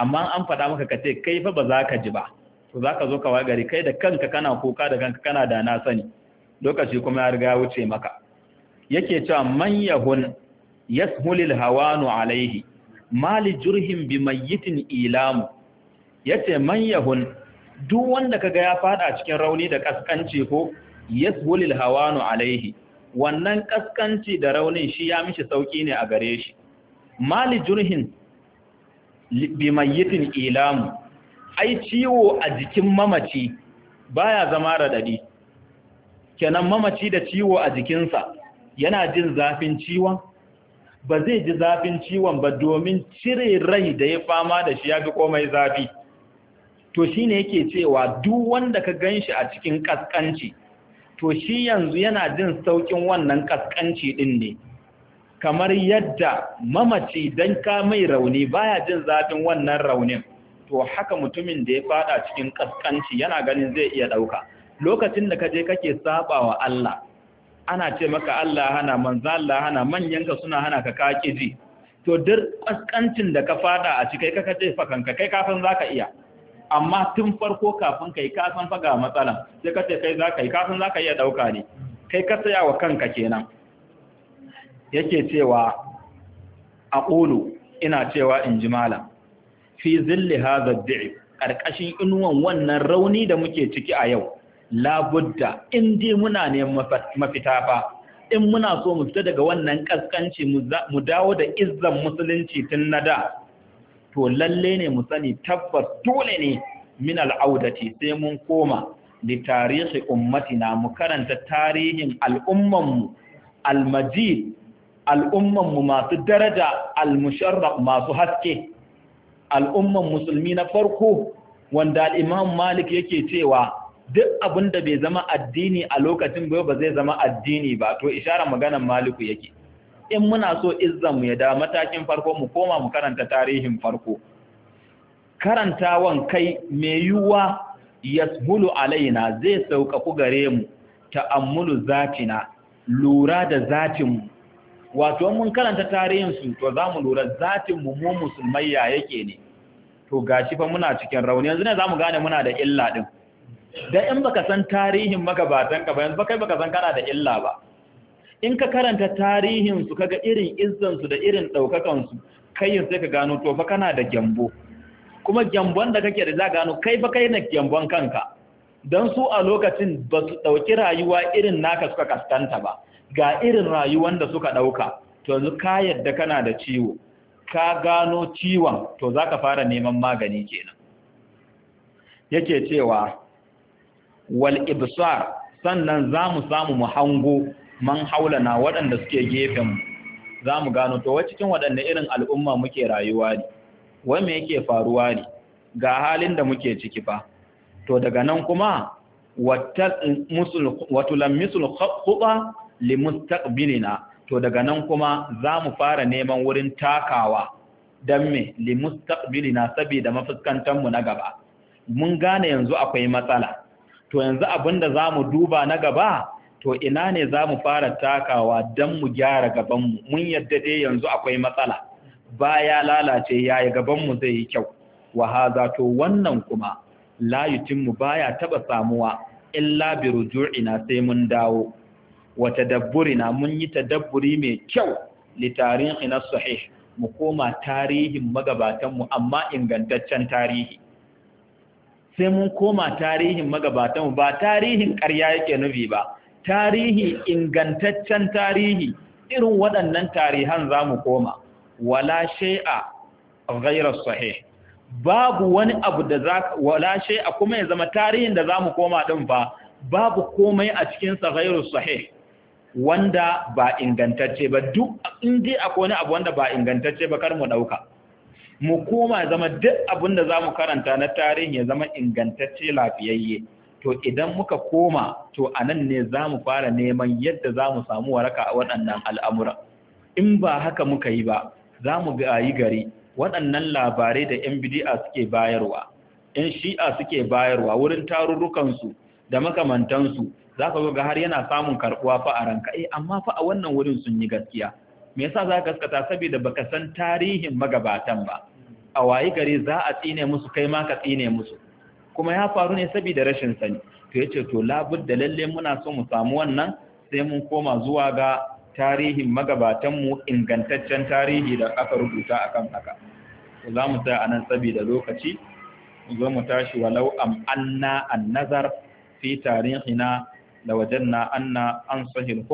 amma an faɗa maka ka ce kai fa ba za ka ji ba to za ka zo ka wagari kai da kanka kana kuka da kanka kana da na sani lokaci kuma ya riga wuce maka yake cewa man yahun yashulil hawanu alaihi mali jurhin bi mayyitin ilamu yace man yahun duk wanda kaga ya fada cikin rauni da kaskanci ko yashulil hawanu alaihi wannan kaskanci da raunin shi ya mishi sauki ne a gare shi mali jurhin bi mayyitin ilamu ai ciwo a jikin mamaci baya zama radadi kenan mamaci da ciwo a jikinsa yana jin zafin ciwon ba zai ji zafin ciwon ba domin cire rai da ya fama da shi ya fi komai zafi to shi ne yake cewa duk wanda ka gan shi a cikin kaskanci, to shi yanzu yana jin saukin wannan kaskanci din ne kamar yadda mamaci don ka mai rauni baya jin zafin wannan raunin to haka mutumin da ya fada cikin kaskanci yana ganin zai iya ɗauka lokacin da ka je kake sabawa Allah ana ce maka Allah hana manzo Allah hana manyanka suna hana ka kake ji to duk kaskancin da ka fada a cikai ka kace fa kanka kai kafin zaka iya amma tun farko kafin kai kafin fa ga matsala sai ka ce kai zaka yi kafin zaka iya dauka ne kai ka tsaya wa kanka kenan yake cewa aqulu ina cewa in ji malam fi zilli hadha karkashin inuwan wannan rauni da muke ciki a yau labudda in dai muna neman mafita fa in muna so mu fita daga wannan kaskanci mu dawo da izzan musulunci tun na da to lalle ne mu sani tabbas dole ne min al'audati sai mun koma da tarihi ummatina mu karanta tarihin al'umman mu, al-majid mu masu daraja al-musharraf masu haske al'umman musulmi na farko wanda al-imam malik yake cewa duk abin da bai zama addini a lokacin bai ba zai zama addini ba to isharar maganan maliku yake in muna so izzan mu ya da matakin farko mu koma mu karanta tarihin farko karantawan kai mai yiwuwa yasbulu alaina zai sauƙaƙu gare mu ta'ammulu zatina lura da zatinmu wato mun karanta tarihin su to zamu lura zatinmu mu musulmai yake ne to gashi fa muna cikin rauni yanzu ne zamu gane muna da illa din da in baka san tarihin magabatan ka ba yanzu kai baka san kana da illa ba in ka karanta tarihin su kaga irin izzan su da irin daukakan su kai sai ka gano to fa kana da gyambo kuma gyambon da kake da za gano kai fa kai na gyambon kanka don su a lokacin ba su dauki rayuwa irin naka suka kaskanta ba ga irin rayuwan da suka dauka to yanzu ka yadda kana da ciwo ka gano ciwon to zaka fara neman magani kenan yake cewa wal ibsar sannan za mu samu mu hango man haulana waɗanda suke gefen za mu gano to wa cikin waɗanne irin al'umma muke rayuwa ne wai me yake faruwa ne ga halin da muke ciki ba? to daga nan kuma misul khuba limustaqbilina to daga nan kuma za mu fara neman wurin takawa don me limustaqbilina saboda mafuskantanmu na gaba mun gane yanzu akwai matsala to yanzu abin da za mu duba na gaba to ina ne za mu fara takawa don mu gyara gabanmu mun yadda dai yanzu akwai matsala Ba ya lalace yayi gabanmu zai yi kyau Wahaza to wannan kuma la ba ya taɓa samuwa illa bi ruju'ina sai mun dawo Wata dabburi na mun yi ta dabburi mai kyau Litarin tarihina sahih mu koma tarihin magabatanmu amma ingantaccen tarihi sai mun koma tarihin magabatanmu ba tarihin ƙarya yake nufi ba tarihi ingantaccen tarihi irin waɗannan tarihan za mu koma wala shay'a ghayra sahih babu wani abu da za wala shay'a kuma ya zama tarihin da za mu koma din fa babu komai a cikin sa ghayru sahih wanda ba ingantacce ba duk inda akwai wani abu wanda ba ingantacce ba kar mu ɗauka. mu koma zama duk abin da za mu karanta na tarihi ya zama ingantacce lafiyayye to idan muka koma to a nan ne za mu fara neman yadda za mu samu waraka a waɗannan al'amura in ba haka muka yi ba za mu yi gari waɗannan labarai da ‘yan bidi'a suke bayarwa ‘yan shi'a suke bayarwa wurin tarurrukansu da makamantansu za ka ga har yana samun karɓuwa fa a ranka eh amma fa a wannan wurin sun yi gaskiya me yasa za ka gaskata saboda baka san tarihin magabatan ba a wayi gari za a tsine musu kai ma ka tsine musu kuma ya faru ne saboda rashin sani to yace to labudda lalle muna so mu samu wannan sai mun koma zuwa ga tarihin magabatan mu ingantaccen tarihi da aka rubuta akan haka za mu tsaya anan saboda lokaci zo mu tashi walau am anna an nazar fi tarihina lawajanna anna an sahil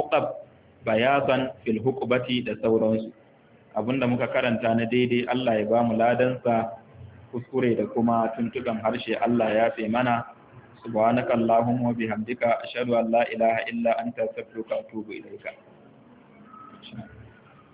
bayasan fil hukubati da sauransu abinda muka karanta na daidai Allah ya bamu ladansa kuskure da kuma tuntukan harshe Allah ya fi mana subhanakallahumma bihamdika ashhadu an la ilaha illa anta astaghfiruka wa atubu ilaika